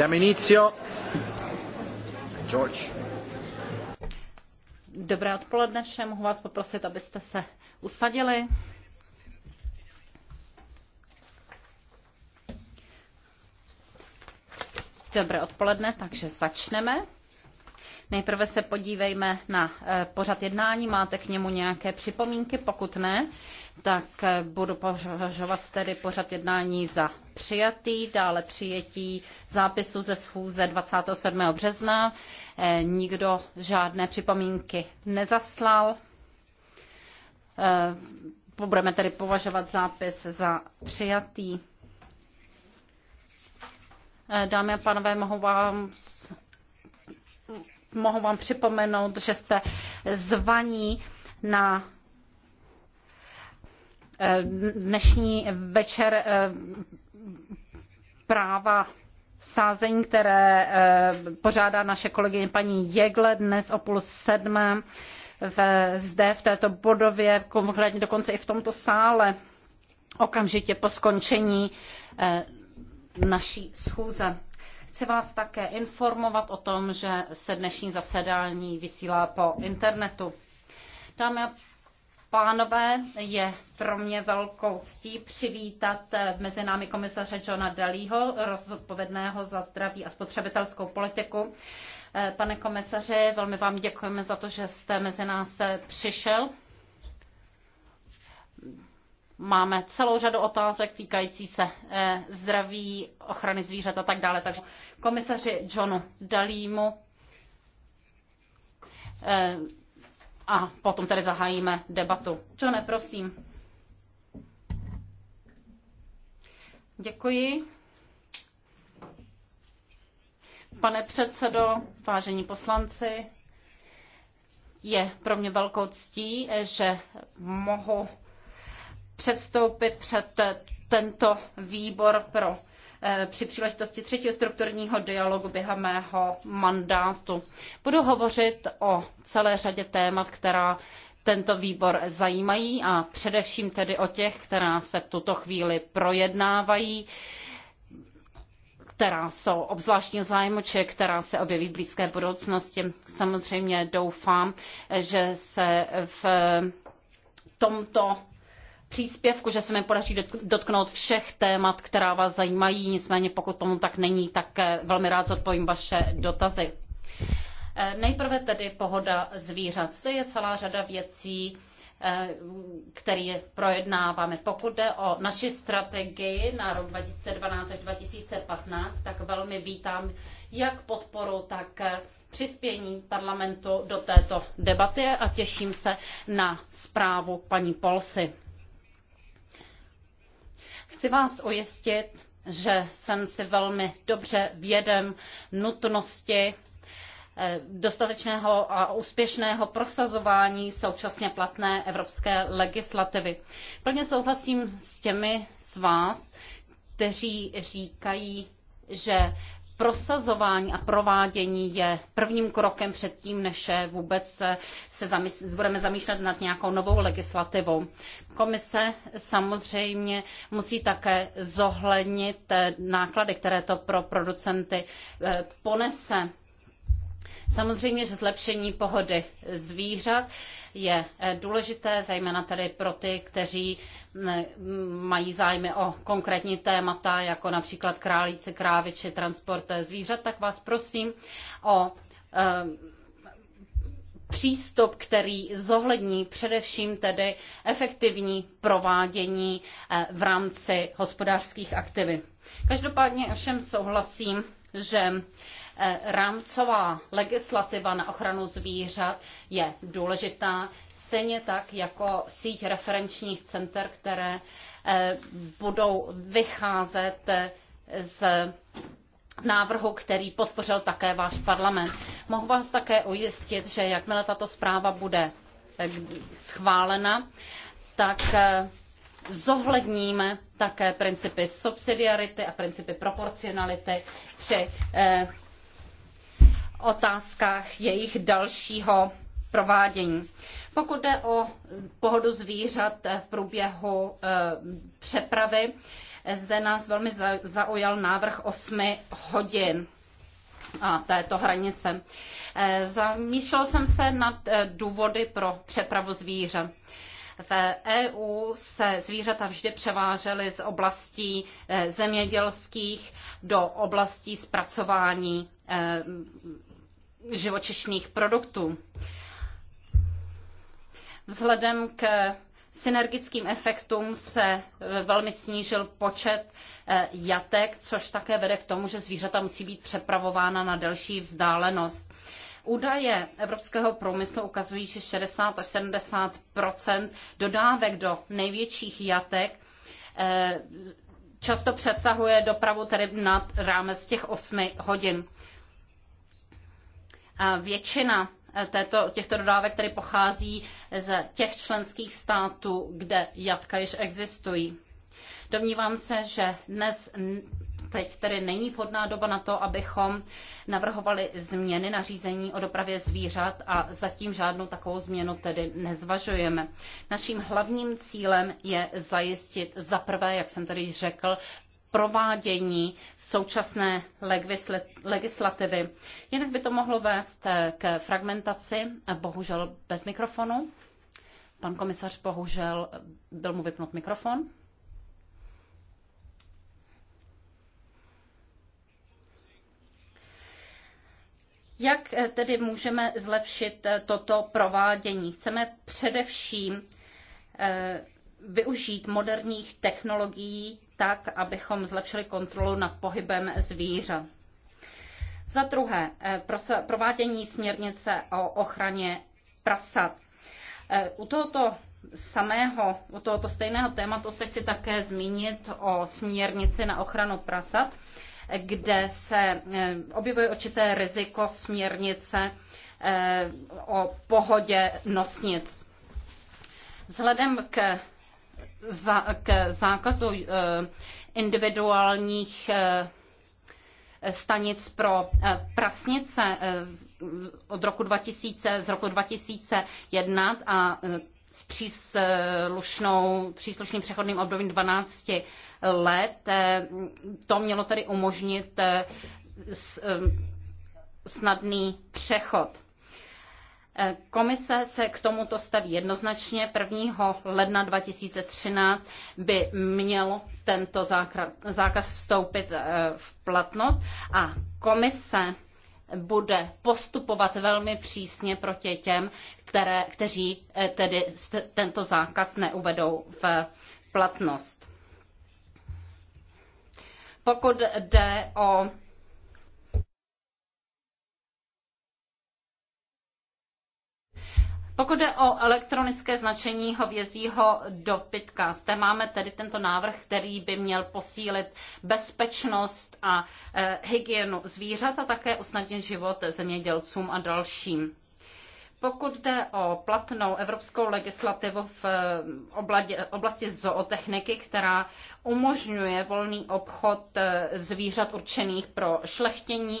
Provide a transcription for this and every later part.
Diamo George. Dobré odpoledne všem. Mohu vás poprosit, abyste se usadili. Dobré odpoledne, takže začneme. Nejprve se podívejme na eh, pořad jednání. Máte k němu nějaké připomínky? Pokud ne, tak eh, budu považovat tedy pořad jednání za přijatý, dále přijetí zápisu ze schůze 27. března. Eh, nikdo žádné připomínky nezaslal. Eh, budeme tedy považovat zápis za přijatý. Eh, dámy a pánové, mohu vám mohu vám připomenout, že jste zvaní na dnešní večer práva sázení, které eh, pořádá naše kolegyně paní Jegle dnes o půl sedmé v, zde v této budově, konkrétně dokonce i v tomto sále, okamžitě po skončení eh, naší schůze. Chci vás také informovat o tom, že se dnešní zasedání vysílá po internetu. Dámy a Pánové, je pro mě velkou ctí přivítat eh, mezi námi komisaře Johna Dalího, rozodpovědného za zdraví a spotřebitelskou politiku. Eh, pane komisaři, velmi vám děkujeme za to, že jste mezi nás eh, přišel. Máme celou řadu otázek týkající se zdraví, ochrany zvířat a tak dále. Takže komisaři Johnu Dalímu a potom tedy zahájíme debatu. ne, prosím. Děkuji. Pane předsedo, vážení poslanci, je pro mě velkou ctí, že mohu předstoupit před tento výbor pro Eh, při příležitosti třetího strukturního dialogu během mého mandátu. Budu hovořit o celé řadě témat, která tento výbor zajímají a především tedy o těch, která se v tuto chvíli projednávají která jsou obzvláštní zájmu, či která se objeví v blízké budoucnosti. Samozřejmě doufám, že se v tomto příspěvku, že se mi podaří dotknout všech témat, která vás zajímají. Nicméně pokud tomu tak není, tak eh, velmi rád zodpovím vaše dotazy. Eh, nejprve tedy pohoda zvířat. Zde je celá řada věcí, eh, které projednáváme. Pokud jde o naši strategii na rok 2012 až 2015, tak velmi vítám jak podporu, tak přispění parlamentu do této debaty a těším se na zprávu paní Polsy. Chci vás ujistit, že jsem si velmi dobře vědem nutnosti eh, dostatečného a úspěšného prosazování současně platné evropské legislativy. Plně souhlasím s těmi z vás, kteří říkají, že prosazování a provádění je prvním krokem před tím, než vůbec se zamysl- budeme zamýšlet nad nějakou novou legislativou. Komise samozřejmě musí také zohlednit eh, náklady, které to pro producenty eh, ponese. Samozřejmě, že zlepšení pohody zvířat je eh, důležité, zejména tedy pro ty, kteří mm, mm, mají zájmy o konkrétní témata, jako například králíci, krávy či transport eh, zvířat, tak vás prosím o eh, přístup, který zohlední především tedy efektivní provádění v rámci hospodářských aktivit. Každopádně všem souhlasím, že Eh, rámcová legislativa na ochranu zvířat je důležitá, stejně tak jako síť referenčních center, které eh, budou vycházet eh, z návrhu, který podpořil také váš parlament. Mohu vás také ujistit, že jakmile tato zpráva bude schválena, tak zohledníme také principy subsidiarity a principy proporcionality při otázkách jejich dalšího provádění. Pokud jde o pohodu zvířat v průběhu eh, přepravy, zde nás velmi zaujal návrh 8 hodin a této hranice. Eh, zamýšlel jsem se nad eh, důvody pro přepravu zvířat. V EU se zvířata vždy převážely z oblastí zemědělských do oblastí zpracování živočišných produktů. Vzhledem k synergickým efektům se e, velmi snížil počet e, jatek, což také vede k tomu, že zvířata musí být přepravována na delší vzdálenost. Údaje evropského průmyslu ukazují, že 60 až 70 dodávek do největších jatek e, často přesahuje dopravu tedy nad rámec těch 8 hodin. Většina eh, této, těchto dodávek tedy pochází z těch členských států, kde jatka již existují. Domnívám se, že dnes teď tedy není vhodná doba na to, abychom navrhovali změny řízení o dopravě zvířat a zatím žádnou takovou změnu tedy nezvažujeme. Naším hlavním cílem je zajistit za prvé, jak jsem tady řekl, provádění současné legislativy. Jinak by to mohlo vést k fragmentaci, bohužel bez mikrofonu. Pan komisař bohužel byl mu vypnut mikrofon. Jak tedy můžeme zlepšit toto provádění? Chceme především eh, využít moderních technologií tak, abychom zlepšili kontrolu nad pohybem zvířat. Za druhé, eh, provádění směrnice o ochraně prasat. Eh, u tohoto samého, u tohoto stejného tématu se chci také zmínit o směrnici na ochranu prasat, kde se eh, objevuje určité riziko směrnice o pohodě nosnic. Vzhledem k k zákazu eh, individuálních eh, stanic pro eh, prasnice od roku 2000, z roku 2001 a s příslušnou, příslušným přechodným obdobím 12 let. To mělo tedy umožnit snadný přechod. Eh, komise se k tomuto staví jednoznačně. 1. ledna 2013 by měl tento zákaz vstoupit eh, v platnost a komise bude postupovat velmi přísně proti těm, které, kteří eh, tedy tento zákaz neuvedou v platnost. Pokud jde o Pokud jde o elektronické značení hovězího dobytka, zde máme tedy tento návrh, který by měl posílit bezpečnost a e, hygienu zvířat a také usnadnit život zemědělcům a dalším. Pokud jde o platnou evropskou legislativu v e, oblasti zootechniky, která umožňuje volný obchod e, zvířat určených pro šlechtění,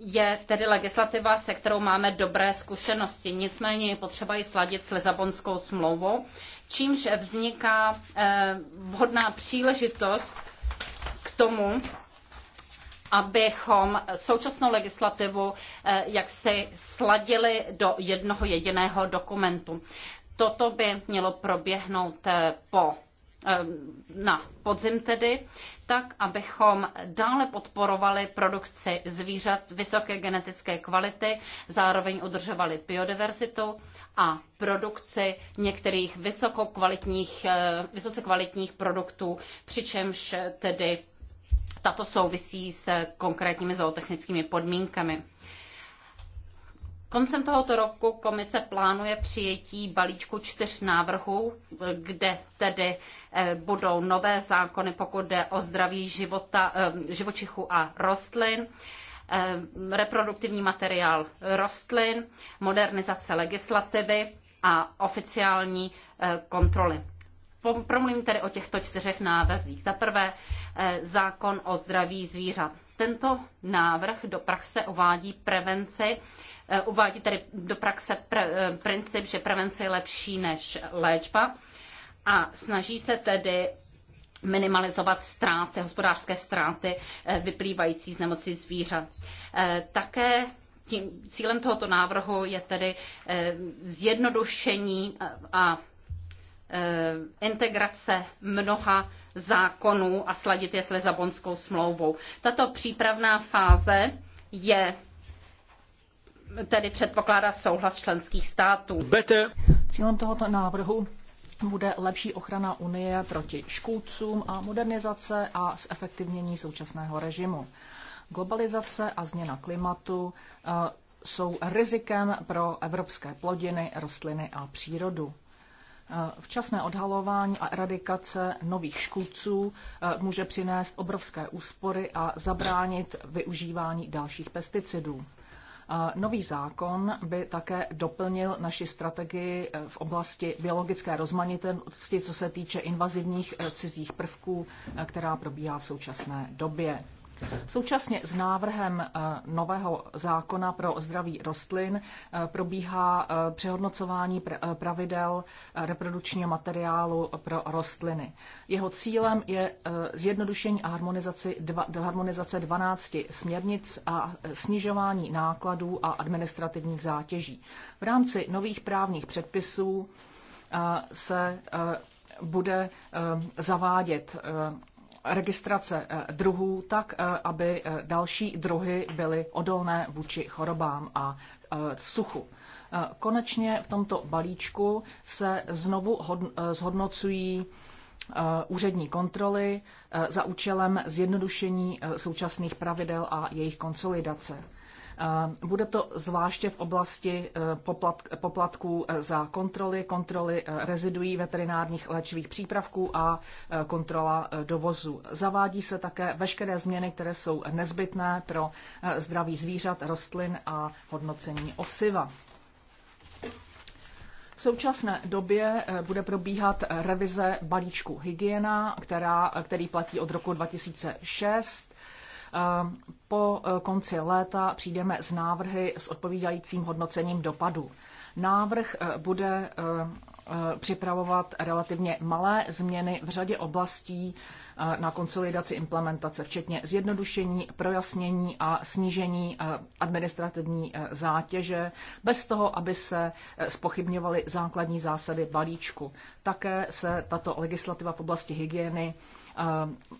je tedy legislativa, se kterou máme dobré zkušenosti. Nicméně je potřeba ji sladit s Lisabonskou smlouvou, čímž vzniká eh, vhodná příležitost k tomu, abychom současnou legislativu eh, jaksi sladili do jednoho jediného dokumentu. Toto by mělo proběhnout eh, po Ehm, na podzim tedy, tak abychom dále podporovali produkci zvířat vysoké genetické kvality, zároveň udržovali biodiverzitu a produkci některých vysokokvalitních, eh, vysoce kvalitních produktů, přičemž tedy tato souvisí s konkrétními zootechnickými podmínkami. Koncem tohoto roku komise plánuje přijetí balíčku čtyř návrhů, kde tedy eh, budou nové zákony, pokud jde o zdraví života, eh, živočichů a rostlin, eh, reproduktivní materiál rostlin, modernizace legislativy a oficiální kontroly. Promluvím tedy o těchto čtyřech návrzích. Za prvé zákon o zdraví zvířat. Tento návrh do praxe uvádí prevenci Eh, uvádí tedy do praxe pre, eh, princip, že prevence je lepší než léčba a snaží se tedy minimalizovat ztráty, hospodářské ztráty eh, vyplývající z nemocí zvířat. Také tím, cílem tohoto návrhu je tedy zjednodušení a integrace mnoha zákonů a sladit je s Lizabonskou smlouvou. Tato přípravná fáze je tedy předpokládá souhlas členských států. Better. Cílem tohoto návrhu bude lepší ochrana Unie proti škůdcům a modernizace a zefektivnění současného režimu. Globalizace a změna klimatu eh, jsou rizikem pro evropské plodiny, rostliny a přírodu. Eh, včasné odhalování a eradikace nových škůdců eh, může přinést obrovské úspory a zabránit využívání dalších pesticidů. Nový zákon by také doplnil naši strategii eh, v oblasti biologické rozmanitosti, co se týče invazivních eh, cizích prvků, eh, která probíhá v současné době. Současně s návrhem eh, nového zákona pro zdraví rostlin eh, probíhá eh, přehodnocování pravidel reprodukčního materiálu pro rostliny. Jeho cílem je zjednodušení a harmonizace 12 směrnic a snižování nákladů a administrativních zátěží. V rámci nových právních předpisů se bude zavádět registrace eh, druhů tak, eh, aby eh, další druhy byly odolné vůči chorobám a suchu. Konečně v tomto balíčku se znovu zhodnocují úřední kontroly za účelem zjednodušení současných pravidel a jejich konsolidace. Bude to zvláště v oblasti eh, poplatků eh, za kontroly, kontroly eh, reziduí veterinárních léčivých přípravků a kontrola dovozu. Zavádí se také veškeré změny, které jsou nezbytné pro zdraví zvířat, rostlin a hodnocení osiva. V současné době bude probíhat revize balíčku hygiena, která, který platí od roku 2006 po eh, konci léta přijdeme s návrhy s odpovídajícím hodnocením dopadu. Návrh eh, bude eh, připravovat relativně malé změny v řadě oblastí na konsolidaci implementace, včetně zjednodušení, projasnění a snížení administrativní zátěže, bez toho, aby se spochybňovaly základní zásady balíčku. Také se tato legislativa v oblasti hygieny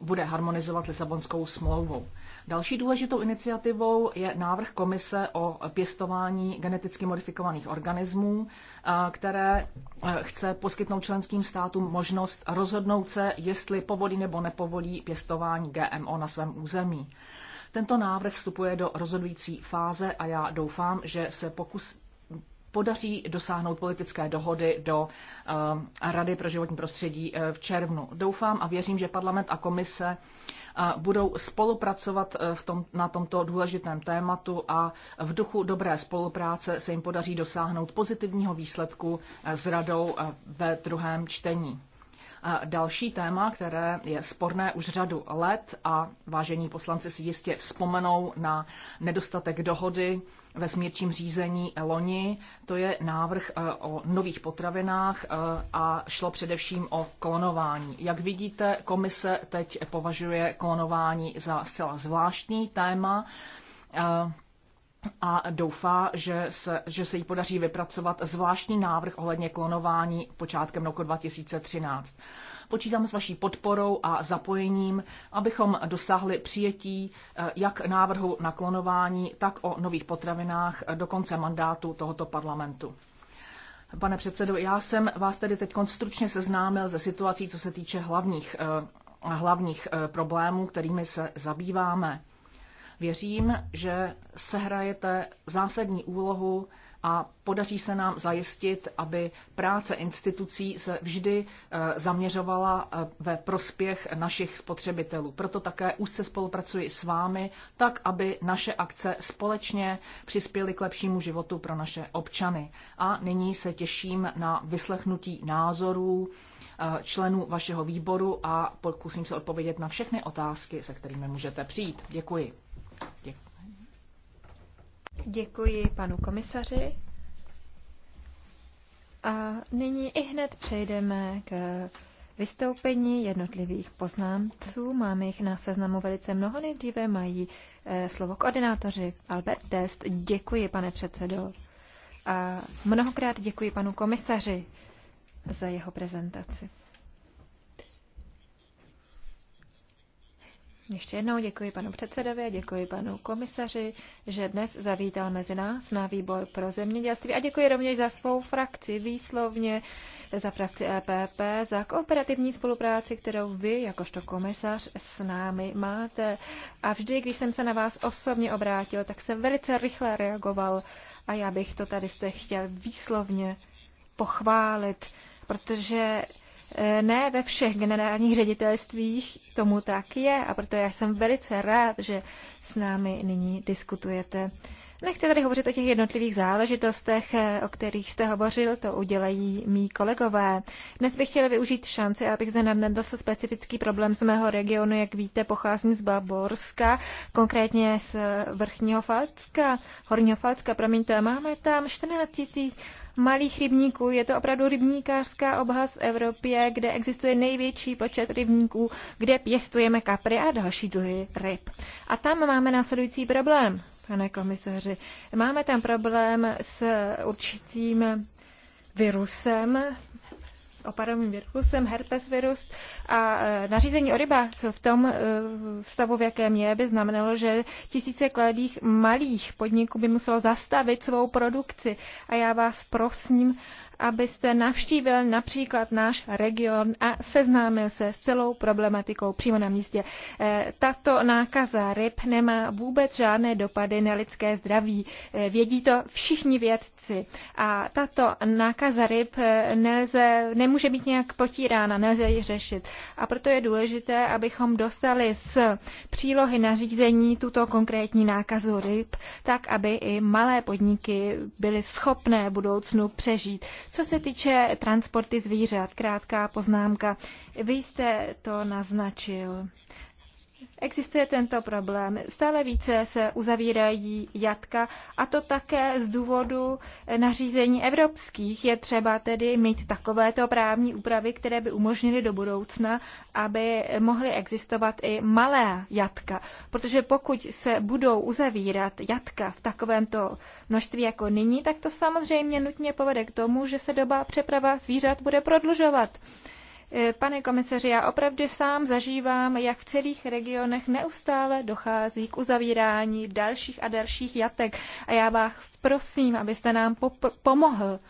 bude harmonizovat Lisabonskou smlouvou. Další důležitou iniciativou je návrh komise o pěstování geneticky modifikovaných organismů, eh, které eh, chce poskytnout členským státům možnost rozhodnout se, jestli povolí nebo nepovolí pěstování GMO na svém území. Tento návrh vstupuje do rozhodující fáze a já doufám, že se pokus, podaří dosáhnout politické dohody do eh, Rady pro životní prostředí eh, v červnu. Doufám a věřím, že parlament a komise eh, budou spolupracovat v tom, na tomto důležitém tématu a v duchu dobré spolupráce se jim podaří dosáhnout pozitivního výsledku s radou ve druhém čtení další téma, které je sporné už řadu let a vážení poslanci si jistě vzpomenou na nedostatek dohody ve smírčím řízení loni. To je návrh eh, o nových potravinách eh, a šlo především o klonování. Jak vidíte, komise teď považuje klonování za zcela zvláštní téma eh, a doufá, že se, že se jí podaří vypracovat zvláštní návrh ohledně klonování počátkem roku 2013. Počítám s vaší podporou a zapojením, abychom dosáhli přijetí eh, jak návrhu na klonování, tak o nových potravinách do konce mandátu tohoto parlamentu. Pane předsedo, já jsem vás tedy teď stručně seznámil ze situací, co se týče hlavních, eh, hlavních eh, problémů, kterými se zabýváme. Věřím, že sehrajete zásadní úlohu a podaří se nám zajistit, aby práce institucí se vždy eh, zaměřovala eh, ve prospěch našich spotřebitelů. Proto také úzce spolupracuji s vámi, tak aby naše akce společně přispěly k lepšímu životu pro naše občany. A nyní se těším na vyslechnutí názorů eh, členů vašeho výboru a pokusím se odpovědět na všechny otázky, se kterými můžete přijít. Děkuji. Děkuji. panu komisaři. A nyní i hned přejdeme k vystoupení jednotlivých poznámců. Máme jich na seznamu velice mnoho. Nejdříve mají eh, slovo koordinátoři. Albert Dest, děkuji, pane předsedo. A mnohokrát děkuji panu komisaři za jeho prezentaci. Ještě jednou děkuji panu předsedovi, děkuji panu komisaři, že dnes zavítal mezi nás na výbor pro zemědělství a děkuji rovněž za svou frakci výslovně, za frakci EPP, za kooperativní spolupráci, kterou vy, jakožto komisař, s námi máte. A vždy, když jsem se na vás osobně obrátil, tak se velice rychle reagoval a já bych to tady jste chtěl výslovně pochválit, protože Eh, ne ve všech generálních ředitelstvích tomu tak je a proto já jsem velice rád, že s námi nyní diskutujete. Nechci tady hovořit o těch jednotlivých záležitostech, eh, o kterých jste hovořil, to udělají mý kolegové. Dnes bych chtěla využít šanci, abych zde nadnesl specifický problém z mého regionu, jak víte, pocházím z Baborska, konkrétně z Vrchního Falcka, Horního Falcka, promiňte, máme tam 14 tisíc malých rybníků. Je to opravdu rybníkářská oblast v Evropě, kde existuje největší počet rybníků, kde pěstujeme kapry a další druhy ryb. A tam máme následující problém, pane komisaři. Máme tam problém s určitým virusem, opadovým parovým herpes virus a e, nařízení o rybách v tom e, stavu, v jakém je, by znamenalo, že tisíce kladých malých podniků by muselo zastavit svou produkci. A já vás prosím, abyste navštívil například náš region a seznámil se s celou problematikou přímo na místě. Eh, tato nákaza ryb nemá vůbec žádné dopady na lidské zdraví. Eh, vědí to všichni vědci. A tato nákaza ryb eh, nelze, nemůže být nějak potírána, nelze ji řešit. A proto je důležité, abychom dostali z přílohy nařízení tuto konkrétní nákazu ryb, tak aby i malé podniky byly schopné v budoucnu přežít. Co se týče transporty zvířat, krátká poznámka. Vy jste to naznačil. Existuje tento problém. Stále více se uzavírají jatka a to také z důvodu nařízení evropských. Je třeba tedy mít takovéto právní úpravy, které by umožnily do budoucna, aby mohly existovat i malé jatka. Protože pokud se budou uzavírat jatka v takovémto množství jako nyní, tak to samozřejmě nutně povede k tomu, že se doba přeprava zvířat bude prodlužovat. Pane komisaři, já opravdu sám zažívám, jak v celých regionech neustále dochází k uzavírání dalších a dalších jatek. A já vás prosím, abyste nám pomohl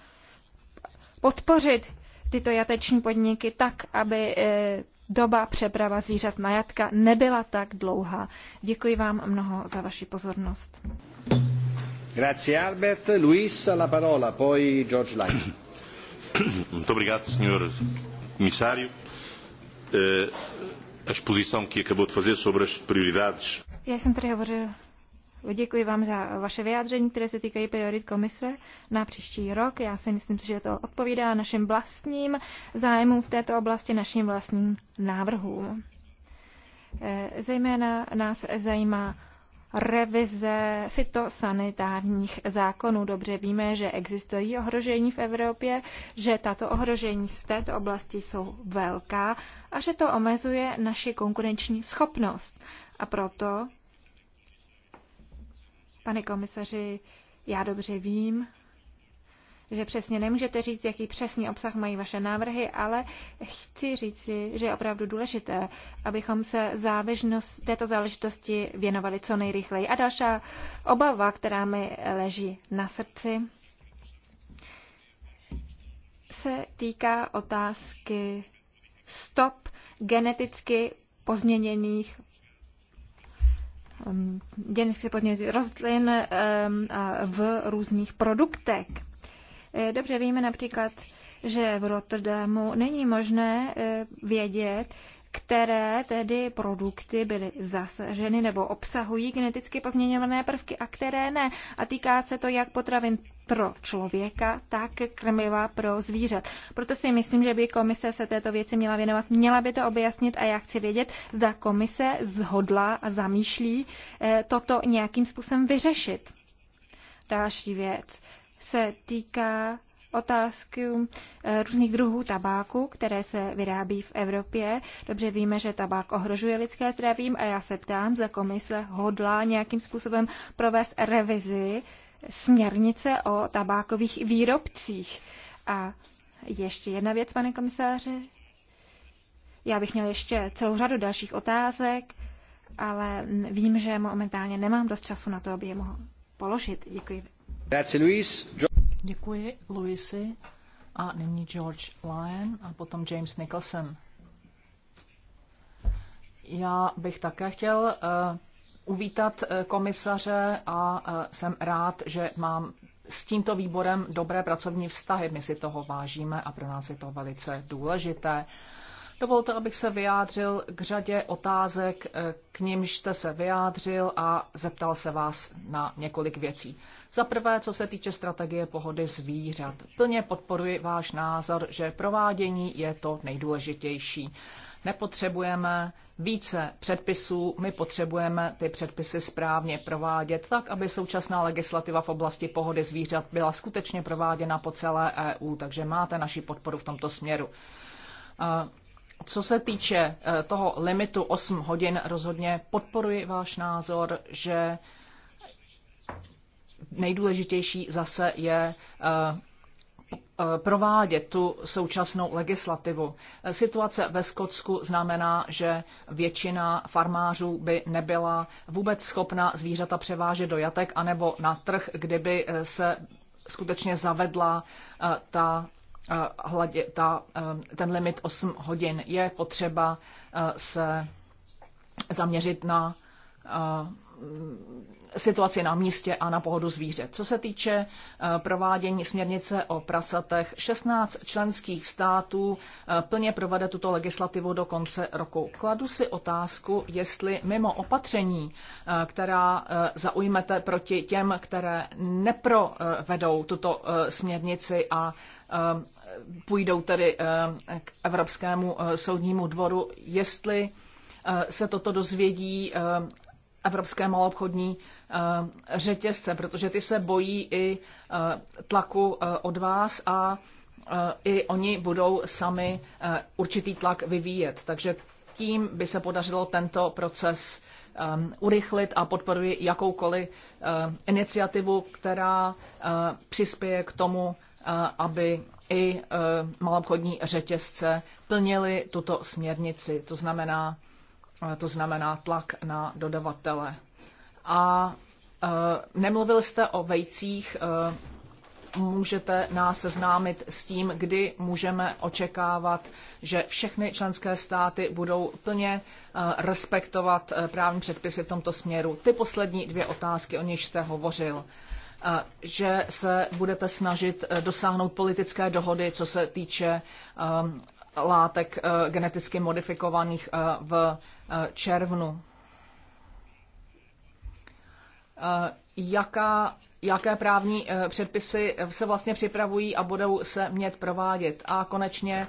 podpořit tyto jateční podniky tak, aby eh, doba přeprava zvířat na jatka nebyla tak dlouhá. Děkuji vám mnoho za vaši pozornost. Grazie Albert. Luis, la parola, poi George Lyon. Muito obrigado, senhor Comissário, eh, a exposição que acabou de fazer sobre as prioridades. Já jsem tady hovořil. Děkuji vám za vaše vyjádření, které se týkají priorit komise na příští rok. Já si myslím, že to odpovídá našim vlastním zájmům v této oblasti, našim vlastním návrhům. Eh, zejména nás zajímá revize fitosanitárních zákonů. Dobře víme, že existují ohrožení v Evropě, že tato ohrožení v této oblasti jsou velká a že to omezuje naši konkurenční schopnost. A proto, pane komisaři, já dobře vím, že přesně nemůžete říct, jaký přesný obsah mají vaše návrhy, ale chci říci, že je opravdu důležité, abychom se závěžnost této záležitosti věnovali co nejrychleji. A další obava, která mi leží na srdci, se týká otázky stop geneticky pozměněných ehm, geneticky podněty rostlin ehm, v různých produktech. Eh, dobře víme například, že v Rotterdamu není možné eh, vědět, které tedy produkty byly zasaženy nebo obsahují geneticky pozměňované prvky a které ne. A týká se to jak potravin pro člověka, tak krmiva pro zvířat. Proto si myslím, že by komise se této věci měla věnovat. Měla by to objasnit a já chci vědět, zda komise zhodla a zamýšlí eh, toto nějakým způsobem vyřešit. Další věc se týká otázky eh, různých druhů tabáku, které se vyrábí v Evropě. Dobře víme, že tabák ohrožuje lidské trávím a já se ptám, za komise hodlá nějakým způsobem provést revizi směrnice o tabákových výrobcích. A ještě jedna věc, pane komisáři. Já bych měl ještě celou řadu dalších otázek, ale vím, že momentálně nemám dost času na to, aby je mohl položit. Děkuji. Děkuji, Luisi. A nyní George Lyon a potom James Nicholson. Já bych také chtěl uh, uvítat eh, komisaře a eh, jsem rád, že mám s tímto výborem dobré pracovní vztahy. My si toho vážíme a pro nás je to velice důležité. Dovolte, abych se vyjádřil k řadě otázek, eh, k nimž jste se vyjádřil a zeptal se vás na několik věcí. Za prvé, co se týče strategie pohody zvířat. Plně podporuji váš názor, že provádění je to nejdůležitější. Nepotřebujeme více předpisů, my potřebujeme ty předpisy správně provádět tak, aby současná legislativa v oblasti pohody zvířat byla skutečně prováděna po celé EU, takže máte naši podporu v tomto směru. Eh, co se týče eh, toho limitu 8 hodin, rozhodně podporuji váš názor, že nejdůležitější zase je eh, eh, provádět tu současnou legislativu. Situace ve Skotsku znamená, že většina farmářů by nebyla vůbec schopna zvířata převážet do jatek anebo na trh, kdyby se skutečně zavedla ta Eh, hladě, ta, eh, ten limit 8 hodin. Je potřeba eh, se zaměřit na situaci na místě a na pohodu zvířat. Co se týče eh, provádění směrnice o prasatech, 16 členských států eh, plně provede tuto legislativu do konce roku. Kladu si otázku, jestli mimo opatření, eh, která zaujmete proti těm, které neprovedou tuto směrnici a půjdou tedy k Evropskému soudnímu dvoru, jestli se toto dozvědí evropské maloobchodní eh, řetězce, protože ty se bojí i eh, tlaku eh, od vás a i oni budou sami určitý tlak vyvíjet. Takže tím by se podařilo tento proces urychlit a podporuji jakoukoliv iniciativu, která přispěje k tomu, aby i malobchodní řetězce plnili tuto směrnici. To znamená, to znamená tlak na dodavatele. A e, nemluvil jste o vejcích, e, můžete nás seznámit s tím, kdy můžeme očekávat, že všechny členské státy budou plně e, respektovat právní předpisy v tomto směru. Ty poslední dvě otázky, o nichž jste hovořil že se budete snažit dosáhnout politické dohody, co se týče látek eh, geneticky modifikovaných eh, v eh, červnu. Jaká, jaké právní předpisy se vlastně připravují a budou se mět provádět? A konečně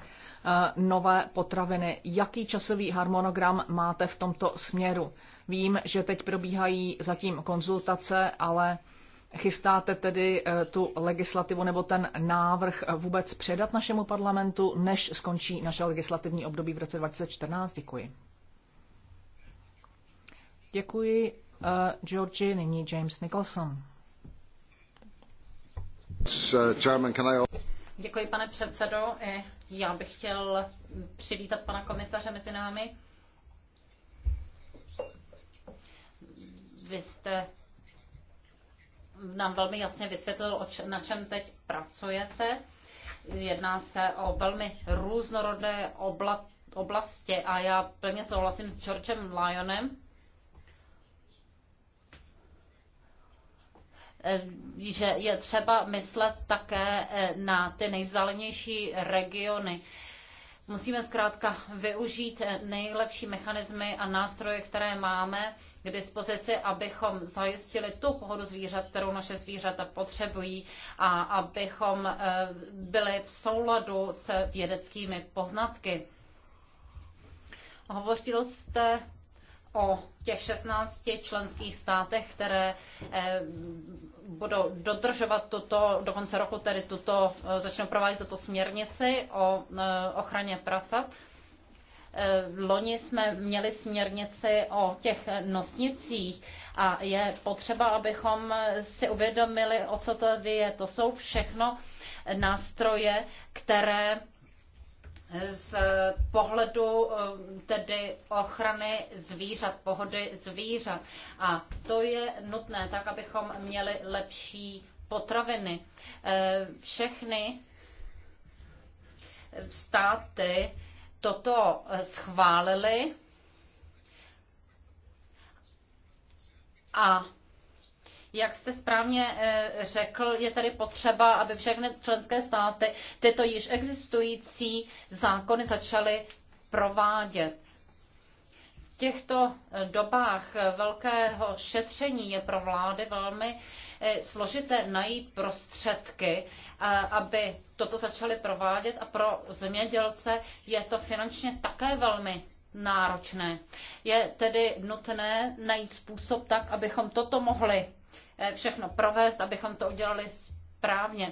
nové potraviny. Jaký časový harmonogram máte v tomto směru? Vím, že teď probíhají zatím konzultace, ale Chystáte tedy eh, tu legislativu nebo ten návrh eh, vůbec předat našemu parlamentu, než skončí naše legislativní období v roce 2014? Děkuji. Děkuji, uh, Georgi. Nyní James Nicholson. Děkuji, pane předsedo. Já bych chtěl přivítat pana komisaře mezi námi. Vy jste nám velmi jasně vysvětlil, na čem teď pracujete. Jedná se o velmi různorodé obla, oblasti a já plně souhlasím s Georgem Lyonem, eh, že je třeba myslet také eh, na ty nejvzdálenější regiony. Musíme zkrátka využít eh, nejlepší mechanismy a nástroje, které máme k dispozici, abychom zajistili tu pohodu zvířat, kterou naše zvířata potřebují a abychom eh, byli v souladu s vědeckými poznatky. Hovořil jste o těch 16 členských státech, které eh, budou dodržovat tuto, do konce roku tedy tuto, eh, začnou provádět tuto směrnici o ochraně prasat. Eh, loni jsme měli směrnici o těch nosnicích a je potřeba, abychom si uvědomili, o co tady je. To jsou všechno nástroje, které z pohledu eh, tedy ochrany zvířat, pohody zvířat. A to je nutné, tak abychom měli lepší potraviny. Eh, všechny státy toto eh, schválili a jak jste správně eh, řekl, je tady potřeba, aby všechny členské státy tyto již existující zákony začaly provádět těchto eh, dobách eh, velkého šetření je pro vlády velmi eh, složité najít prostředky, aby toto začaly provádět a pro zemědělce je to finančně také velmi náročné. Je tedy nutné najít způsob tak, abychom toto mohli všechno provést, abychom to udělali správně.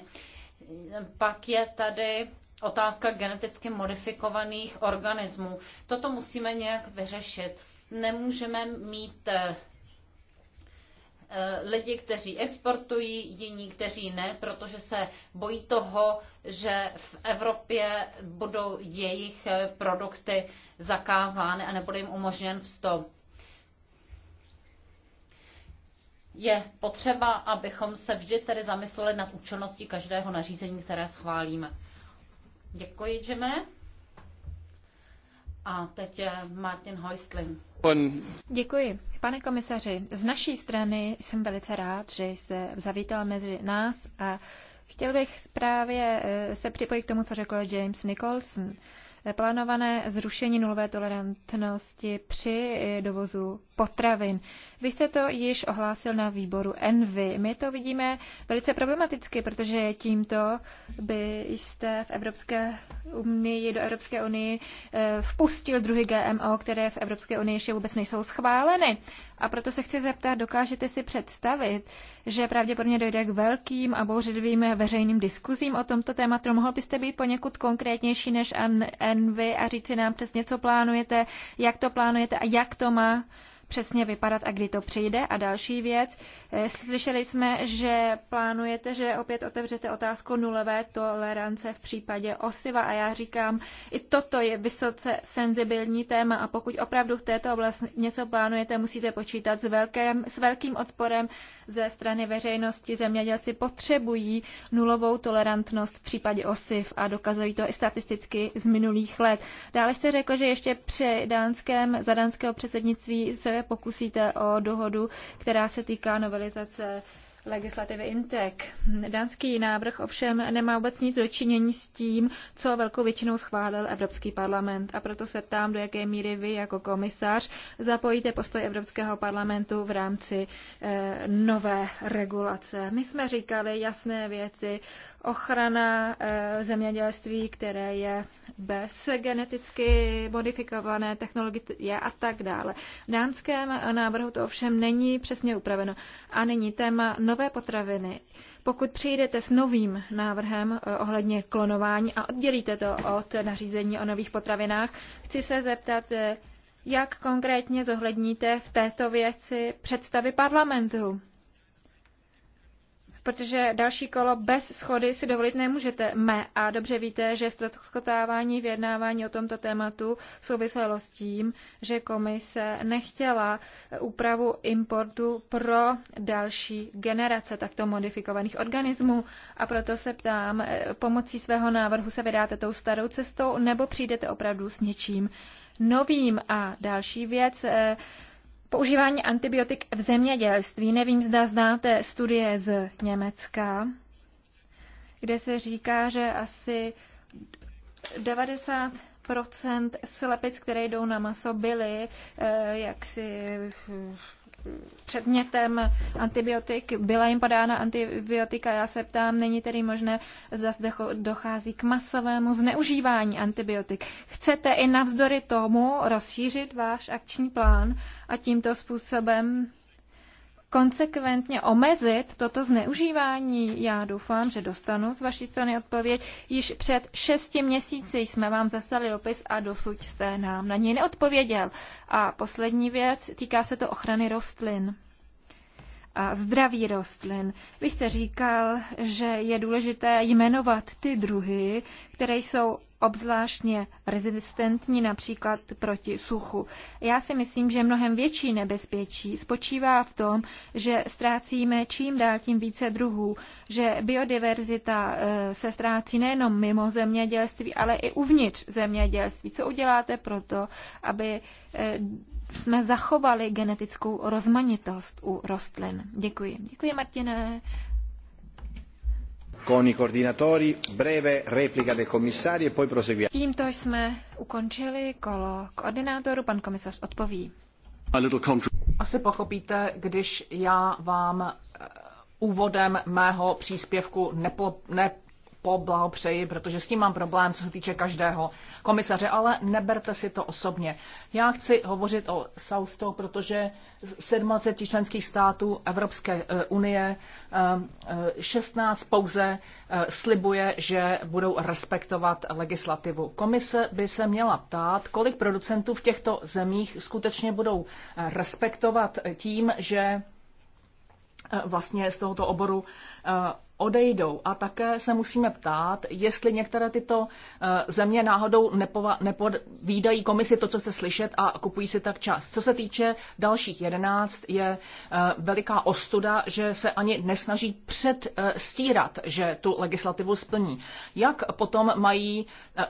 Pak je tady otázka geneticky modifikovaných organismů. Toto musíme nějak vyřešit. Nemůžeme mít eh, eh, lidi, kteří exportují, jiní, kteří ne, protože se bojí toho, že v Evropě budou jejich eh, produkty zakázány a nebude jim umožněn vstup. Je potřeba, abychom se vždy tedy zamysleli nad účelností každého nařízení, které schválíme. Děkuji, Jimmy. A teď je Martin Heusling. Děkuji. Pane komisaři, z naší strany jsem velice rád, že jste zavítal mezi nás a chtěl bych právě eh, se připojit k tomu, co řekl James Nicholson. Plánované zrušení nulové tolerantnosti při eh, dovozu potravin. Vy jste to již ohlásil na výboru Envy. My to vidíme velice problematicky, protože tímto by jste v Evropské unii, do Evropské unii eh, vpustil druhy GMO, které v Evropské unii ještě vůbec nejsou schváleny. A proto se chci zeptat, dokážete si představit, že pravděpodobně dojde k velkým a bouřlivým veřejným diskuzím o tomto tématu? Mohl byste být poněkud konkrétnější než Envy a říci nám přesně, co plánujete, jak to plánujete a jak to má přesně vypadat a kdy to přijde. A další věc, Eh, slyšeli jsme, že plánujete, že opět otevřete otázku nulové tolerance v případě osiva a já říkám, i toto je vysoce senzibilní téma a pokud opravdu v této oblasti něco plánujete, musíte počítat s, velkém, s velkým odporem ze strany veřejnosti. Zemědělci potřebují nulovou tolerantnost v případě osiv a dokazují to i statisticky z minulých let. Dále jste řekl, že ještě při dánském, za dánského předsednictví se pokusíte o dohodu, která se týká nové rehabilitace legislativy INTEC. Dánský návrh ovšem nemá vůbec nic dočinění s tím, co velkou většinou schválil Evropský parlament. A proto se ptám, do jaké míry vy jako komisař zapojíte postoj Evropského parlamentu v rámci eh, nové regulace. My jsme říkali jasné věci, ochrana eh, zemědělství, které je bez geneticky modifikované technologie a tak dále. V dánském návrhu to ovšem není přesně upraveno a není téma nové nové potraviny, pokud přijdete s novým návrhem eh, ohledně klonování a oddělíte to od nařízení o nových potravinách, chci se zeptat, eh, jak konkrétně zohledníte v této věci představy parlamentu? protože další kolo bez schody si dovolit nemůžete. Me a dobře víte, že ztroskotávání vyjednávání o tomto tématu souviselo s tím, že komise nechtěla úpravu importu pro další generace takto modifikovaných organismů a proto se ptám, pomocí svého návrhu se vydáte tou starou cestou nebo přijdete opravdu s něčím novým a další věc, eh, Používání antibiotik v zemědělství. Nevím, zda znáte studie z Německa, kde se říká, že asi 90 procent slepic, které jdou na maso, byly eh, jaksi hm, předmětem antibiotik, byla jim podána antibiotika. Já se ptám, není tedy možné, zase dochází k masovému zneužívání antibiotik. Chcete i navzdory tomu rozšířit váš akční plán a tímto způsobem konsekventně omezit toto zneužívání? Já doufám, že dostanu z vaší strany odpověď. Již před šesti měsíci jsme vám zaslali dopis a dosud jste nám na něj neodpověděl. A poslední věc, týká se to ochrany rostlin a zdraví rostlin. Vy jste říkal, že je důležité jmenovat ty druhy, které jsou obzvláštně rezistentní například proti suchu. Já si myslím, že mnohem větší nebezpečí spočívá v tom, že ztrácíme čím dál tím více druhů, že biodiverzita eh, se ztrácí nejenom mimo zemědělství, ale i uvnitř zemědělství. Co uděláte proto, aby eh, jsme zachovali genetickou rozmanitost u rostlin. Děkuji. Děkuji, Martine. Con i coordinatori, breve replika del commissario e poi proseguiamo. Tímto jsme ukončili kolo koordinátoru, pan komisař odpoví. Asi pochopíte, když já vám eh, úvodem mého příspěvku nepo, ne, poblahopřeji, protože s tím mám problém, co se týče každého komisaře, ale neberte si to osobně. Já chci hovořit o Southto, protože 27 členských států Evropské eh, unie 16 eh, eh, pouze slibuje, že budou respektovat legislativu. Komise by se měla ptát, kolik producentů v těchto zemích skutečně budou respektovat tím, že vlastně z tohoto oboru odejdou. A také se musíme ptát, jestli některé tyto eh, země náhodou nepova, nepovídají komisi to, co chce slyšet a kupují si tak čas. Co se týče dalších jedenáct, je eh, veliká ostuda, že se ani nesnaží předstírat, eh, že tu legislativu splní. Jak potom mají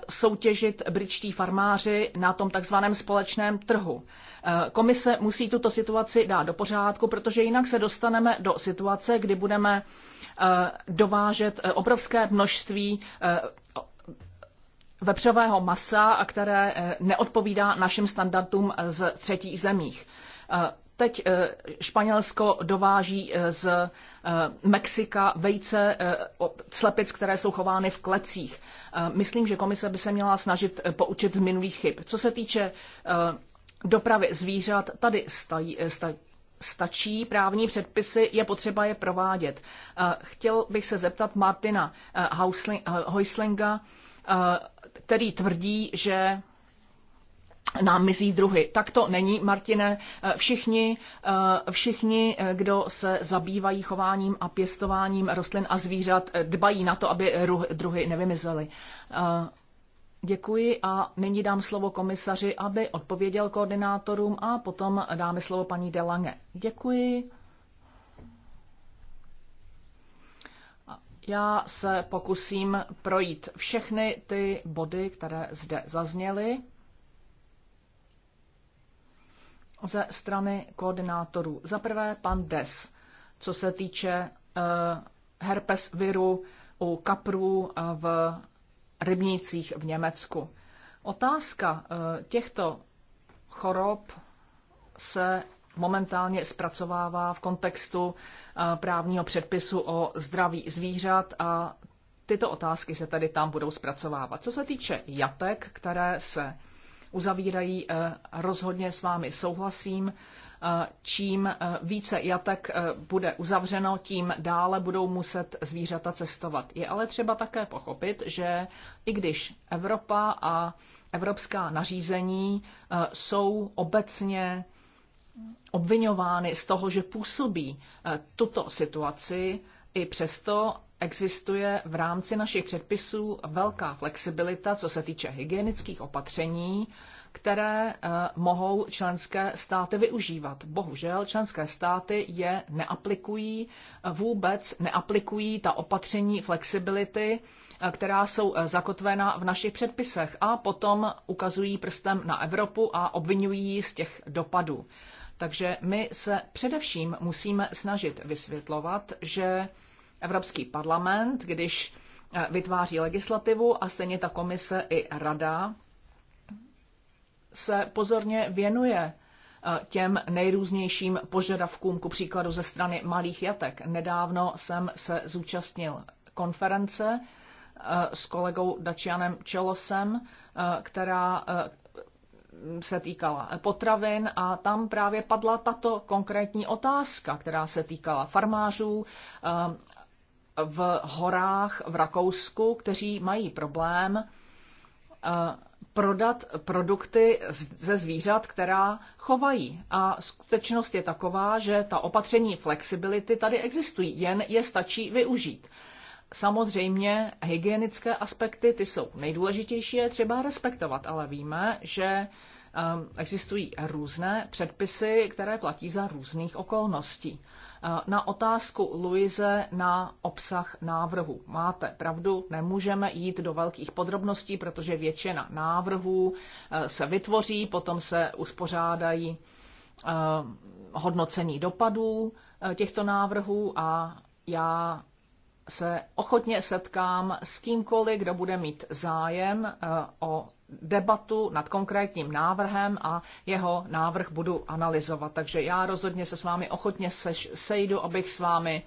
soutěžit britští farmáři na tom takzvaném společném trhu? Komise musí tuto situaci dát do pořádku, protože jinak se dostaneme do situace, kdy budeme Eh, dovážet eh, obrovské množství eh, vepřového masa, které neodpovídá našim standardům z třetích zemích. Teď Španělsko dováží z Mexika vejce slepic, které jsou chovány v klecích. Myslím, že komise by se měla snažit poučit z minulých chyb. Co se týče dopravy zvířat, tady stají, stají stačí právní předpisy, je potřeba je provádět. Eh, chtěl bych se zeptat Martina eh, eh, Heuslinga, který tvrdí, že nám mizí druhy. Tak to není, Martine. Všichni, všichni, kdo se zabývají chováním a pěstováním rostlin a zvířat, dbají na to, aby druhy nevymizely. Děkuji a nyní dám slovo komisaři, aby odpověděl koordinátorům a potom dáme slovo paní Delange. Děkuji. Já se pokusím projít všechny ty body, které zde zazněly ze strany koordinátorů. Za prvé pan Des, co se týče eh, herpes viru u kaprů v rybnících v Německu. Otázka e, těchto chorob se momentálně zpracovává v kontextu e, právního předpisu o zdraví zvířat a tyto otázky se tedy tam budou zpracovávat. Co se týče jatek, které se uzavírají, e, rozhodně s vámi souhlasím čím e, více jatek e, bude uzavřeno, tím dále budou muset zvířata cestovat. Je ale třeba také pochopit, že i když Evropa a evropská nařízení e, jsou obecně obvinovány z toho, že působí tuto situaci, i přesto existuje v rámci našich předpisů velká flexibilita, co se týče hygienických opatření, které eh, mohou členské státy využívat. Bohužel členské státy je neaplikují, eh, vůbec neaplikují ta opatření flexibility, eh, která jsou zakotvena v našich předpisech a potom ukazují prstem na Evropu a obvinují ji z těch dopadů. Takže my se především musíme snažit vysvětlovat, že Evropský parlament, když vytváří legislativu a stejně ta komise i rada, se pozorně věnuje eh, těm nejrůznějším požadavkům, ku příkladu ze strany malých jatek. Nedávno jsem se zúčastnil konference eh, s kolegou Dačianem Čelosem, eh, která se týkala potravin a tam právě padla tato konkrétní otázka, která se týkala farmářů v horách v Rakousku, kteří mají problém prodat produkty ze zvířat, která chovají. A skutečnost je taková, že ta opatření flexibility tady existují, jen je stačí využít. Samozřejmě hygienické aspekty, ty jsou nejdůležitější, je třeba respektovat, ale víme, že ehm, existují různé předpisy, které platí za různých okolností. Na otázku Luize na obsah návrhu. Máte pravdu, nemůžeme jít do velkých podrobností, protože většina návrhů eh, se vytvoří, potom se uspořádají eh, hodnocení dopadů eh, těchto návrhů a já se ochotně setkám s kýmkoliv, kdo bude mít zájem o debatu nad konkrétním návrhem a jeho návrh budu analyzovat. Takže já rozhodně se s vámi ochotně sejdu, abych s vámi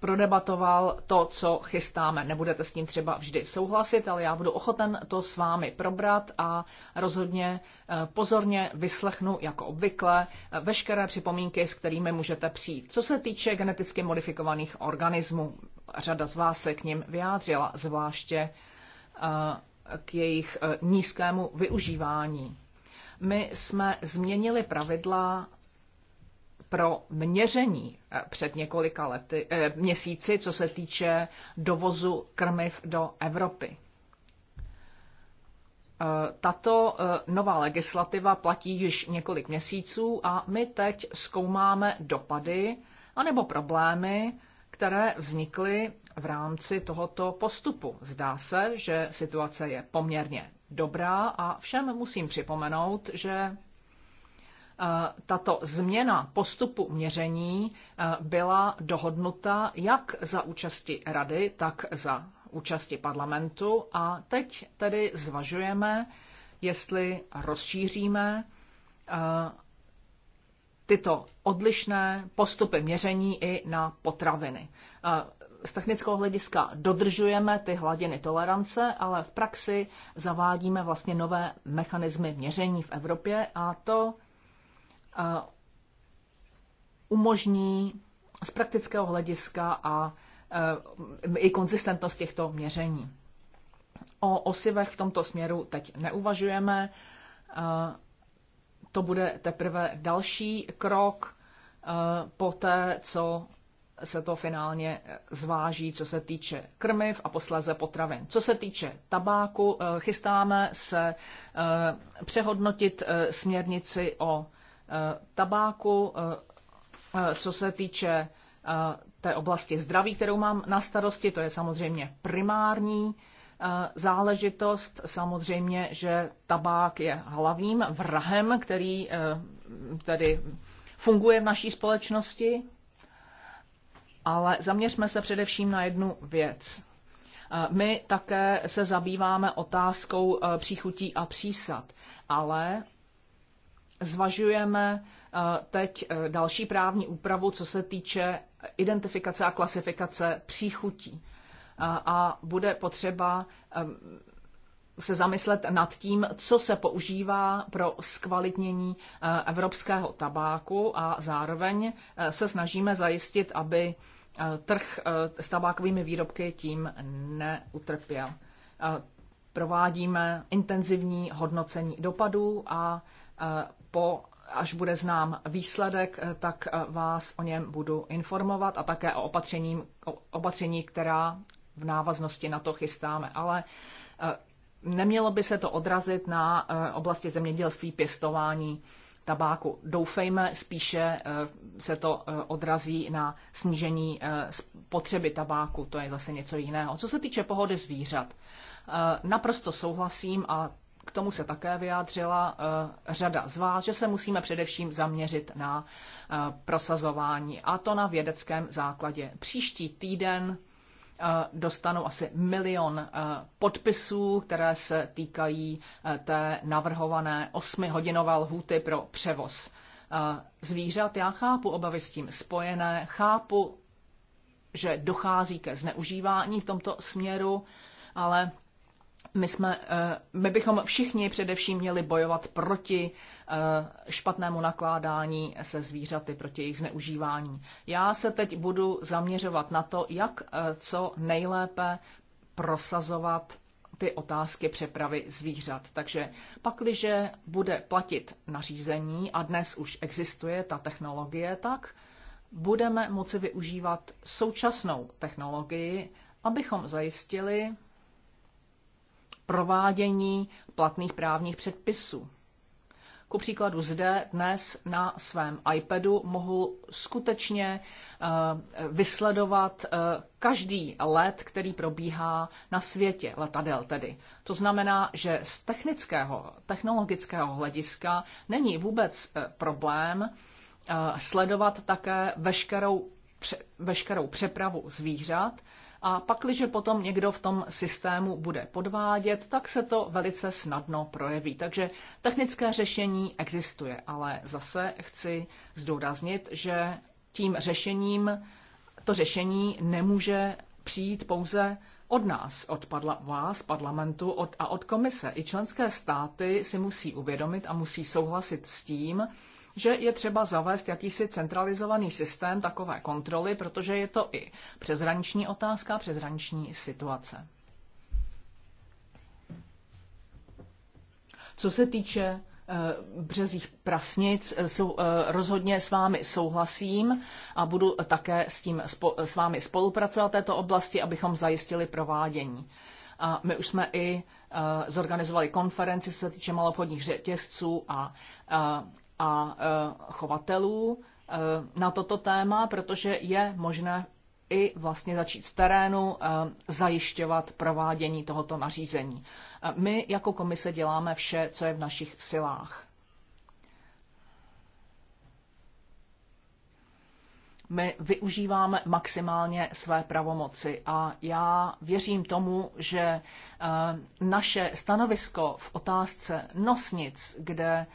prodebatoval to, co chystáme. Nebudete s tím třeba vždy souhlasit, ale já budu ochoten to s vámi probrat a rozhodně eh, pozorně vyslechnu, jako obvykle, eh, veškeré připomínky, s kterými můžete přijít. Co se týče geneticky modifikovaných organismů, řada z vás se k ním vyjádřila, zvláště eh, k jejich eh, nízkému využívání. My jsme změnili pravidla pro měření eh, před několika lety, eh, měsíci, co se týče dovozu krmiv do Evropy. Tato nová legislativa platí již několik měsíců a my teď zkoumáme dopady anebo problémy, které vznikly v rámci tohoto postupu. Zdá se, že situace je poměrně dobrá a všem musím připomenout, že eh, tato změna postupu měření eh, byla dohodnuta jak za účasti rady, tak za účasti parlamentu a teď tedy zvažujeme, jestli rozšíříme eh, tyto odlišné postupy měření i na potraviny. Eh, z technického hlediska dodržujeme ty hladiny tolerance, ale v praxi zavádíme vlastně nové mechanismy měření v Evropě a to eh, umožní z praktického hlediska a eh, i konzistentnost těchto měření. O osivech v tomto směru teď neuvažujeme to bude teprve další krok eh, po té, co se to finálně zváží, co se týče krmiv a posléze potravin. Co se týče tabáku, eh, chystáme se eh, přehodnotit směrnici o tabáku, co se týče té oblasti zdraví, kterou mám na starosti, to je samozřejmě primární Eh, záležitost. Samozřejmě, že tabák je hlavním vrahem, který eh, tedy funguje v naší společnosti, ale zaměřme se především na jednu věc. Eh, my také se zabýváme otázkou příchutí a přísad, ale zvažujeme teď další právní úpravu, co se týče identifikace a klasifikace příchutí a bude potřeba se zamyslet nad tím, co se používá pro zkvalitnění e, evropského tabáku a zároveň e, se snažíme zajistit, aby e, trh s tabákovými výrobky tím neutrpěl. Provádíme intenzivní hodnocení dopadů a po až bude znám výsledek, tak vás o něm budu informovat a také o opatření, o opatření která v návaznosti na to chystáme, ale eh, nemělo by se to odrazit na eh, oblasti zemědělství, pěstování tabáku. Doufejme, spíše eh, se to odrazí na snížení potřeby tabáku, to je zase něco jiného. Co se týče pohody zvířat, naprosto souhlasím a k tomu se také vyjádřila řada z vás, že se musíme především zaměřit na prosazování a to na vědeckém základě. Příští týden dostanou asi milion podpisů, které se týkají té navrhované osmihodinové lhůty pro převoz zvířat. Já chápu obavy s tím spojené, chápu, že dochází ke zneužívání v tomto směru, ale my, jsme, eh, my bychom všichni především měli bojovat proti eh, špatnému nakládání se zvířaty, proti jejich zneužívání. Já se teď budu zaměřovat na to, jak eh, co nejlépe prosazovat ty otázky přepravy zvířat. Takže pakliže bude platit nařízení a dnes už existuje ta technologie, tak budeme moci využívat současnou technologii, abychom zajistili provádění platných právních předpisů. Ku příkladu zde dnes na svém iPadu mohu skutečně eh, vysledovat eh, každý let, který probíhá na světě, letadel tedy. To znamená, že z technického, technologického hlediska není vůbec eh, problém sledovat také veškerou, veškerou přepravu zvířat, a pak, když potom někdo v tom systému bude podvádět, tak se to velice snadno projeví. Takže technické řešení existuje, ale zase chci zdůraznit, že tím řešením to řešení nemůže přijít pouze od nás, od padla, vás, parlamentu od, a od komise. I členské státy si musí uvědomit a musí souhlasit s tím, že je třeba zavést jakýsi centralizovaný systém takové kontroly, protože je to i přezraniční otázka, přezraniční situace. Co se týče eh, březích prasnic eh, sou eh, rozhodně s vámi souhlasím a budu také s, tím, s vámi spolupracovat v této oblasti, abychom zajistili provádění. A my už jsme i zorganizovali konferenci, co se týče malobchodních řetězců a a e, chovatelů e, na toto téma, protože je možné i vlastně začít v terénu e, zajišťovat provádění tohoto nařízení. My jako komise děláme vše, co je v našich silách. my využíváme maximálně své pravomoci a já věřím tomu, že naše stanovisko v otázce nosnic, kde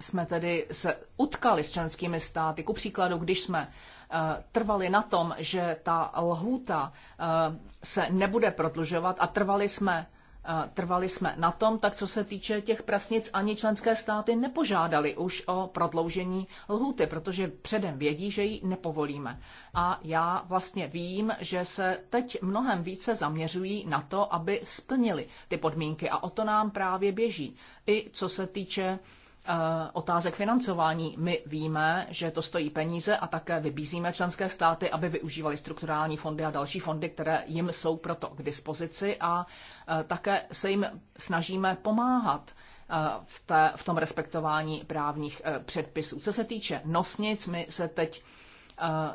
jsme tedy se utkali s členskými státy. Ku příkladu, když jsme eh, trvali na tom, že ta lhůta eh, se nebude prodlužovat a trvali jsme eh, trvali jsme na tom, tak co se týče těch prasnic, ani členské státy nepožádali už o prodloužení lhuty, protože předem vědí, že ji nepovolíme. A já vlastně vím, že se teď mnohem více zaměřují na to, aby splnili ty podmínky a o to nám právě běží. I co se týče uh, Eh, otázek financování. My víme, že to stojí peníze a také vybízíme členské státy, aby využívali strukturální fondy a další fondy, které jim jsou proto k dispozici a eh, také se jim snažíme pomáhat eh, v, té, v tom respektování právních předpisů. Co se týče nosnic, my se teď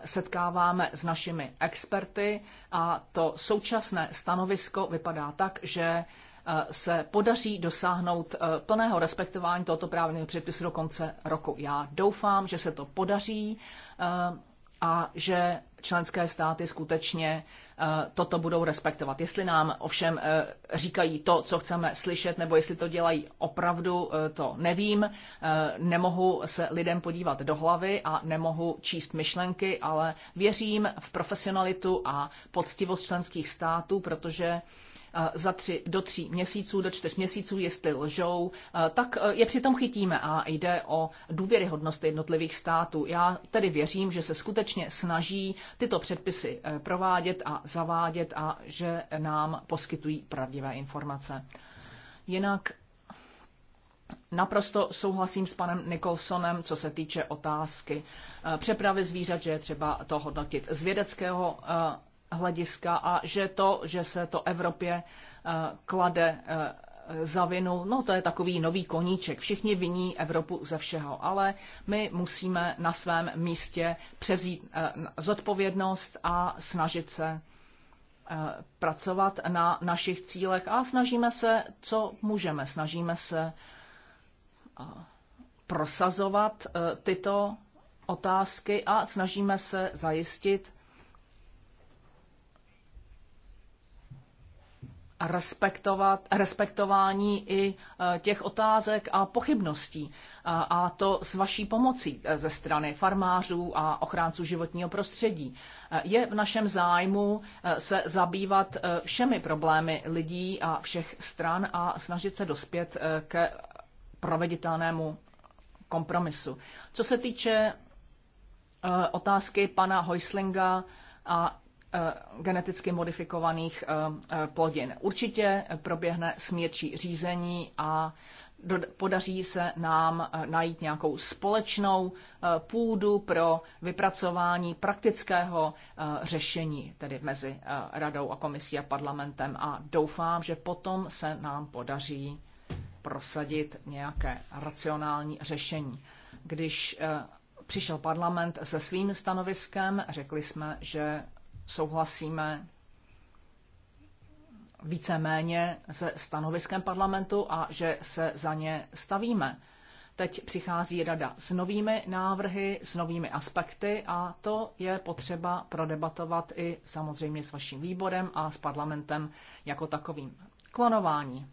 setkáváme s našimi experty a to současné stanovisko vypadá tak, že Eh, se podaří dosáhnout eh, plného respektování tohoto právního předpisu do konce roku. Já doufám, že se to podaří eh, a že členské státy skutečně toto budou respektovat. Jestli nám ovšem říkají to, co chceme slyšet, nebo jestli to dělají opravdu, to nevím. Nemohu se lidem podívat do hlavy a nemohu číst myšlenky, ale věřím v profesionalitu a poctivost členských států, protože za tři do tří měsíců, do čtyř měsíců, jestli lžou, tak e, je přitom chytíme a jde o důvěryhodnost jednotlivých států. Já tedy věřím, že se skutečně snaží tyto předpisy e, provádět a zavádět a že nám poskytují pravdivé informace. Jinak Naprosto souhlasím s panem Nicholsonem, co se týče otázky e, přepravy zvířat, že je třeba to hodnotit z vědeckého hlediska a že to, že se to Evropě eh, klade eh, za vinu, no to je takový nový koníček. Všichni viní Evropu ze všeho, ale my musíme na svém místě přezít eh, zodpovědnost a snažit se pracovat na našich cílech a snažíme se, co můžeme. Snažíme se prosazovat tyto otázky a snažíme se zajistit respektovat, respektování i e, těch otázek a pochybností. E, a to s vaší pomocí e, ze strany farmářů a ochránců životního prostředí. Je v našem zájmu se zabývat všemi problémy lidí a všech stran a snažit se dospět ke proveditelnému kompromisu. Co se týče otázky pana Heuslinga a Eh, geneticky modifikovaných eh, eh, plodin. Určitě proběhne smírčí řízení a podaří se nám najít nějakou společnou půdu pro vypracování praktického řešení, tedy mezi radou a komisí a parlamentem. A doufám, že potom se nám podaří prosadit nějaké racionální řešení. Když přišel parlament se svým stanoviskem, řekli jsme, že souhlasíme víceméně se stanoviskem parlamentu a že se za ně stavíme. Teď přichází rada s novými návrhy, s novými aspekty a to je potřeba prodebatovat i samozřejmě s vaším výborem a s parlamentem jako takovým. Klonování.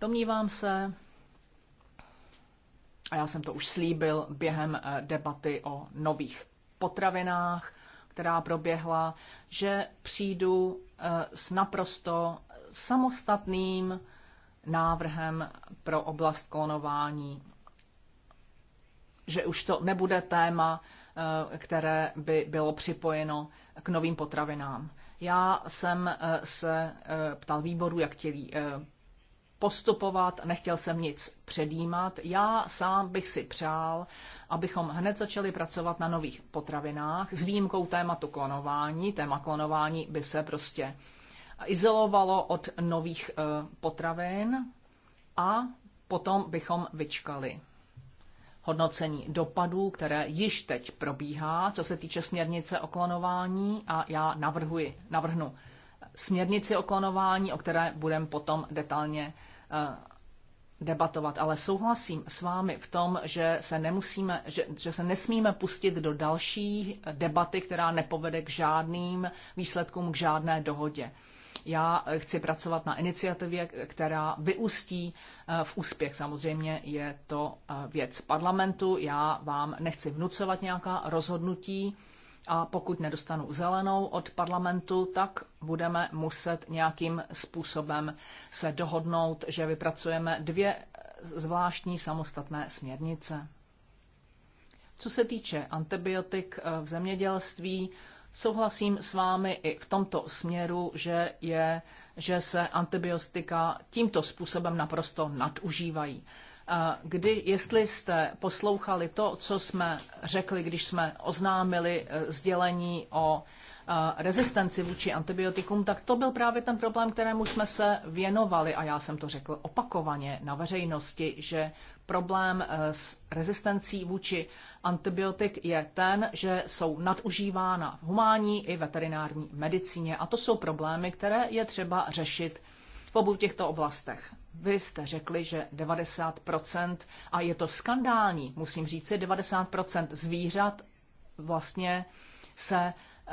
Domnívám se, a já jsem to už slíbil během eh, debaty o nových potravinách, která proběhla, že přijdu eh, s naprosto samostatným návrhem pro oblast klonování. Že už to nebude téma, eh, které by bylo připojeno k novým potravinám. Já jsem eh, se ptal výboru, jak chtějí postupovat, nechtěl jsem nic předjímat. Já sám bych si přál, abychom hned začali pracovat na nových potravinách s výjimkou tématu klonování. Téma klonování by se prostě izolovalo od nových eh, potravin a potom bychom vyčkali hodnocení dopadů, které již teď probíhá, co se týče směrnice o klonování a já navrhuji, navrhnu směrnici o klonování, o které budeme potom detailně Eh, debatovat, ale souhlasím s vámi v tom, že se, nemusíme, že, že se nesmíme pustit do další debaty, která nepovede k žádným výsledkům, k žádné dohodě. Já chci pracovat na iniciativě, která vyústí eh, v úspěch. Samozřejmě je to eh, věc parlamentu. Já vám nechci vnucovat nějaká rozhodnutí, a pokud nedostanu zelenou od parlamentu, tak budeme muset nějakým způsobem se dohodnout, že vypracujeme dvě zvláštní samostatné směrnice. Co se týče antibiotik eh, v zemědělství, souhlasím s vámi i v tomto směru, že, je, že se antibiotika tímto způsobem naprosto nadužívají kdy, jestli jste poslouchali to, co jsme řekli, když jsme oznámili eh, sdělení o eh, rezistenci vůči antibiotikům, tak to byl právě ten problém, kterému jsme se věnovali. A já jsem to řekl opakovaně na veřejnosti, že problém eh, s rezistencí vůči antibiotik je ten, že jsou nadužívána v humánní i veterinární medicíně. A to jsou problémy, které je třeba řešit v obou těchto oblastech. Vy jste řekli, že 90%, a je to skandální, musím říct, že 90% zvířat vlastně se, eh,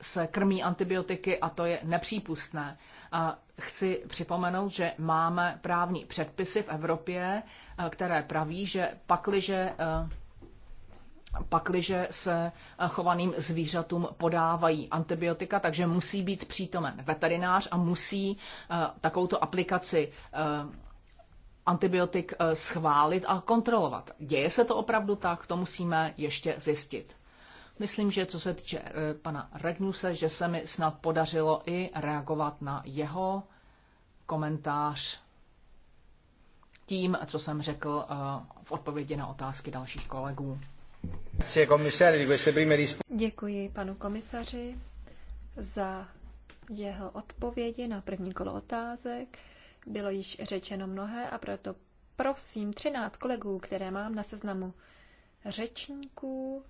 se krmí antibiotiky a to je nepřípustné. A chci připomenout, že máme právní předpisy v Evropě, eh, které praví, že pakliže eh, pakliže se chovaným zvířatům podávají antibiotika, takže musí být přítomen veterinář a musí eh, takovouto aplikaci eh, antibiotik eh, schválit a kontrolovat. Děje se to opravdu tak, to musíme ještě zjistit. Myslím, že co se týče pana Regnuse, že se mi snad podařilo i reagovat na jeho komentář tím, co jsem řekl v odpovědi na otázky dalších kolegů. Děkuji panu komisaři za jeho odpovědi na první kolo otázek. Bylo již řečeno mnohé a proto prosím 13 kolegů, které mám na seznamu řečníků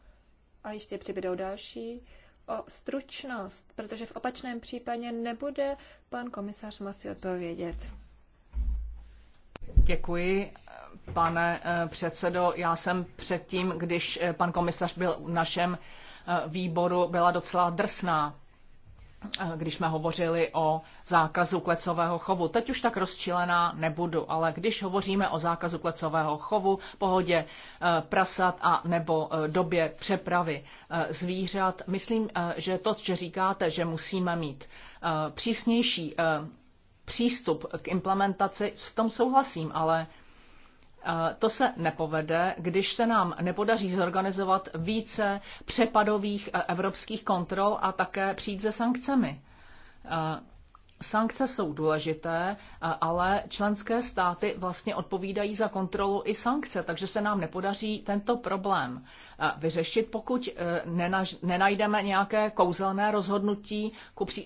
a ještě přibydou další, o stručnost, protože v opačném případě nebude pan komisař moci odpovědět. Děkuji, pane eh, předsedo. Já jsem předtím, když eh, pan komisař byl v našem eh, výboru, byla docela drsná, když jsme hovořili o zákazu klecového chovu. Teď už tak rozčilená nebudu, ale když hovoříme o zákazu klecového chovu, pohodě prasat a nebo době přepravy zvířat, myslím, že to, co říkáte, že musíme mít přísnější přístup k implementaci, v tom souhlasím, ale e, to se nepovede, když se nám nepodaří zorganizovat více přepadových e, evropských kontrol a také přijít se sankcemi. E, Sankce jsou důležité, eh, ale členské státy vlastně odpovídají za kontrolu i sankce, takže se nám nepodaří tento problém eh, vyřešit, pokud eh, nenajdeme nějaké kouzelné rozhodnutí,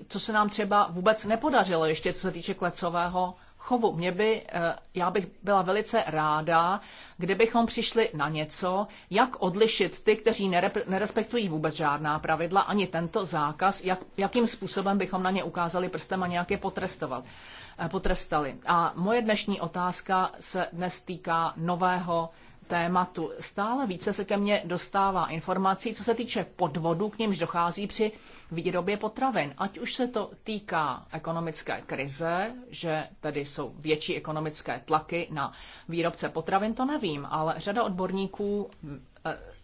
co se nám třeba vůbec nepodařilo ještě co se týče klecového chovu. Mě by, eh, já bych byla velice ráda, kdybychom přišli na něco, jak odlišit ty, kteří nerespektují vůbec žádná pravidla, ani tento zákaz, jak, jakým způsobem bychom na ně ukázali prstem a nějak je potrestovat, eh, potrestali. A moje dnešní otázka se dnes týká nového tématu. Stále více se ke mně dostává informací, co se týče podvodů, k němž dochází při výrobě potravin. Ať už se to týká ekonomické krize, že tady jsou větší ekonomické tlaky na výrobce potravin, to nevím, ale řada odborníků e,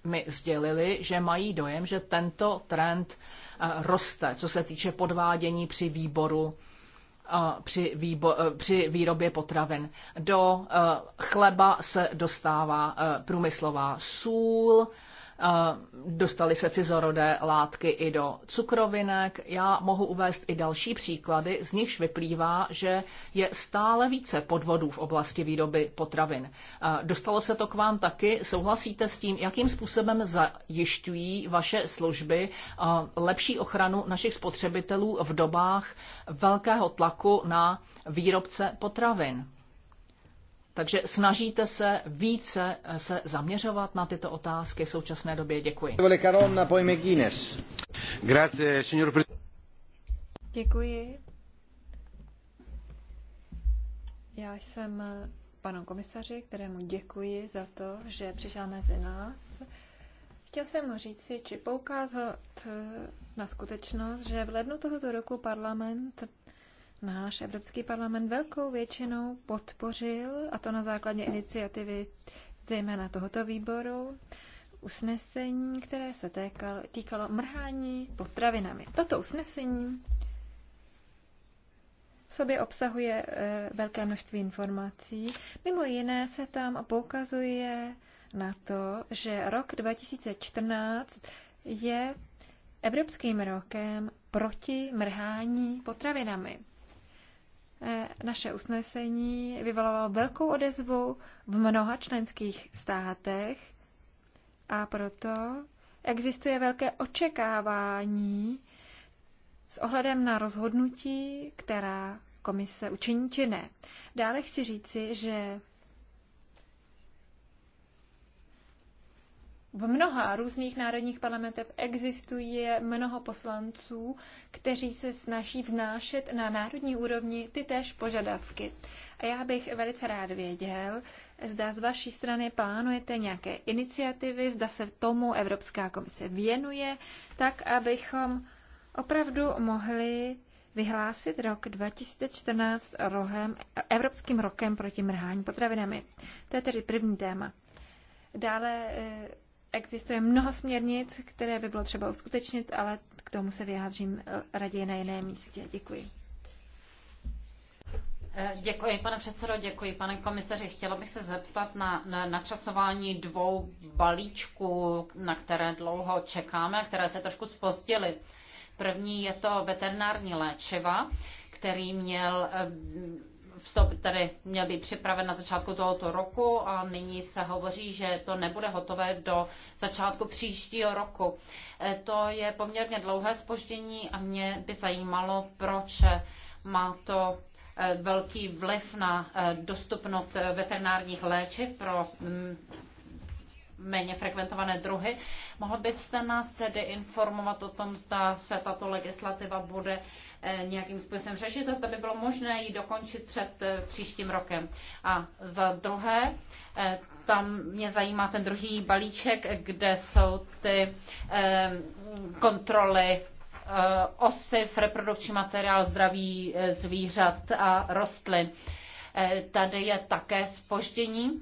mi sdělili, že mají dojem, že tento trend e, roste, co se týče podvádění při výboru při, výbo, eh, při výrobě potravin. Do eh, chleba se dostává eh, průmyslová sůl, dostaly se cizorodé látky i do cukrovinek. Já mohu uvést i další příklady, z nichž vyplývá, že je stále více podvodů v oblasti výroby potravin. Dostalo se to k vám taky? Souhlasíte s tím, jakým způsobem zajišťují vaše služby lepší ochranu našich spotřebitelů v dobách velkého tlaku na výrobce potravin? Takže snažíte se více se zaměřovat na tyto otázky v současné době. Děkuji. Děkuji. Já jsem panu komisaři, kterému děkuji za to, že přišel mezi nás. Chtěl jsem mu říct si, či poukázat na skutečnost, že v lednu tohoto roku parlament náš Evropský parlament velkou většinou podpořil, a to na základě iniciativy zejména tohoto výboru, usnesení, které se týkalo, týkalo mrhání potravinami. Toto usnesení v sobě obsahuje e, velké množství informací. Mimo jiné se tam poukazuje na to, že rok 2014 je Evropským rokem proti mrhání potravinami. Eh, naše usnesení vyvolalo velkou odezvu v mnoha členských státech a proto existuje velké očekávání s ohledem na rozhodnutí, která komise učiní či ne. Dále chci říci, že v mnoha různých národních parlamentech existuje mnoho poslanců, kteří se snaží vznášet na národní úrovni ty též požadavky. A já bych velice rád věděl, zda z vaší strany plánujete nějaké iniciativy, zda se tomu Evropská komise věnuje, tak abychom opravdu mohli vyhlásit rok 2014 rohem, Evropským rokem proti mrhání potravinami. To je tedy první téma. Dále eh, Existuje mnoho směrnic, které by bylo třeba uskutečnit, ale k tomu se vyjádřím eh, raději na jiném místě. Děkuji. Eh, děkuji, pane předsedo, děkuji, pane komisaři. Chtěla bych se zeptat na načasování na dvou balíčků, na které dlouho čekáme a které se trošku spozdily. První je to veterinární léčiva, který měl eh, vstup tady měl být připraven na začátku tohoto roku a nyní se hovoří, že to nebude hotové do začátku příštího roku. E, to je poměrně dlouhé spoždění a mě by zajímalo, proč má to e, velký vliv na e, dostupnost veterinárních léčiv pro méně frekventované druhy. Mohl byste nás tedy informovat o tom, zda se tato legislativa bude eh, nějakým způsobem řešit a zda by bylo možné ji dokončit před eh, příštím rokem. A za druhé, eh, tam mě zajímá ten druhý balíček, kde jsou ty kontroly osiv, reprodukční materiál, zdraví zvířat a rostlin. Tady je také spoždění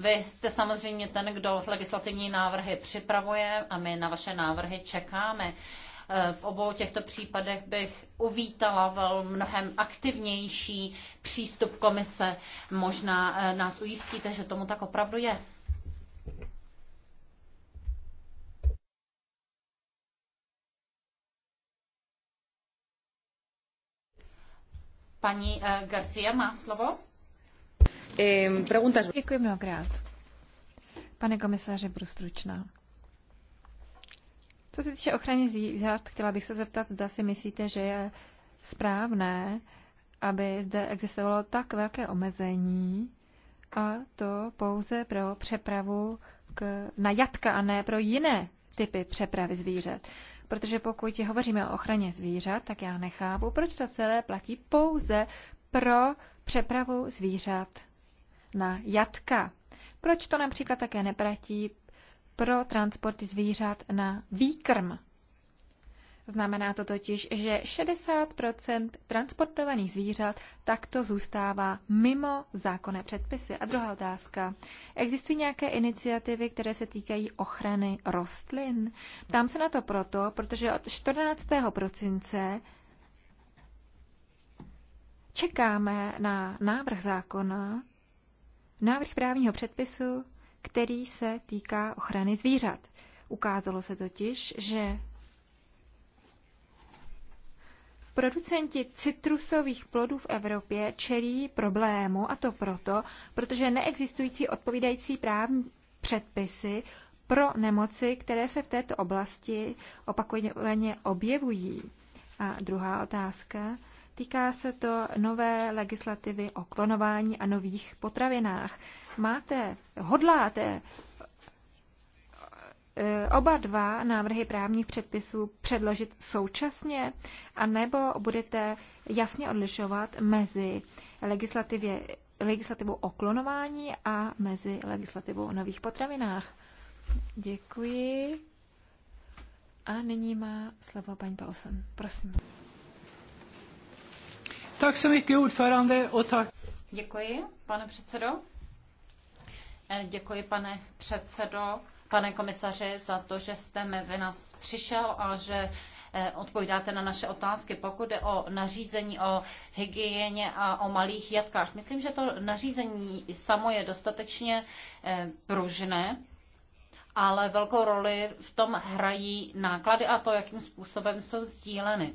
vy jste samozřejmě ten, kdo legislativní návrhy připravuje a my na vaše návrhy čekáme. Eh, v obou těchto případech bych uvítala vel mnohem aktivnější přístup komise. Možná eh, nás ujistíte, že tomu tak opravdu je. Paní eh, Garcia má slovo. Děkuji mnohokrát. Pane komisaře, budu stručná. Co se týče ochrany zvířat, chtěla bych se zeptat, zda si myslíte, že je správné, aby zde existovalo tak velké omezení, a to pouze pro přepravu k, na jatka a ne pro jiné typy přepravy zvířat. Protože pokud hovoříme o ochraně zvířat, tak já nechápu, proč to celé platí pouze pro přepravu zvířat na jatka. Proč to například také neplatí pro transport zvířat na výkrm? Znamená to totiž, že 60 transportovaných zvířat takto zůstává mimo zákonné předpisy. A druhá otázka. Existují nějaké iniciativy, které se týkají ochrany rostlin? Ptám se na to proto, protože od 14. prosince čekáme na návrh zákona, návrh právního předpisu, který se týká ochrany zvířat. Ukázalo se totiž, že producenti citrusových plodů v Evropě čelí problému, a to proto, protože neexistující odpovídající právní předpisy pro nemoci, které se v této oblasti opakovaně objevují. A druhá otázka. Týká se to nové legislativy o klonování a nových potravinách. Máte, hodláte eh, oba dva návrhy právních předpisů předložit současně, anebo budete jasně odlišovat mezi legislativě, legislativou o klonování a mezi legislativou o nových potravinách. Děkuji. A nyní má slovo paní Paulsen. Prosím. Tak se mi ordförande och tack. Děkuji, pane předsedo. Eh, děkuji, pane předsedo, pane komisaři, za to, že jste mezi nás přišel a že eh, odpovídáte na naše otázky, pokud jde o nařízení o hygieně a o malých jatkách. Myslím, že to nařízení samo je dostatečně eh, pružné, ale velkou roli v tom hrají náklady a to, jakým způsobem jsou sdíleny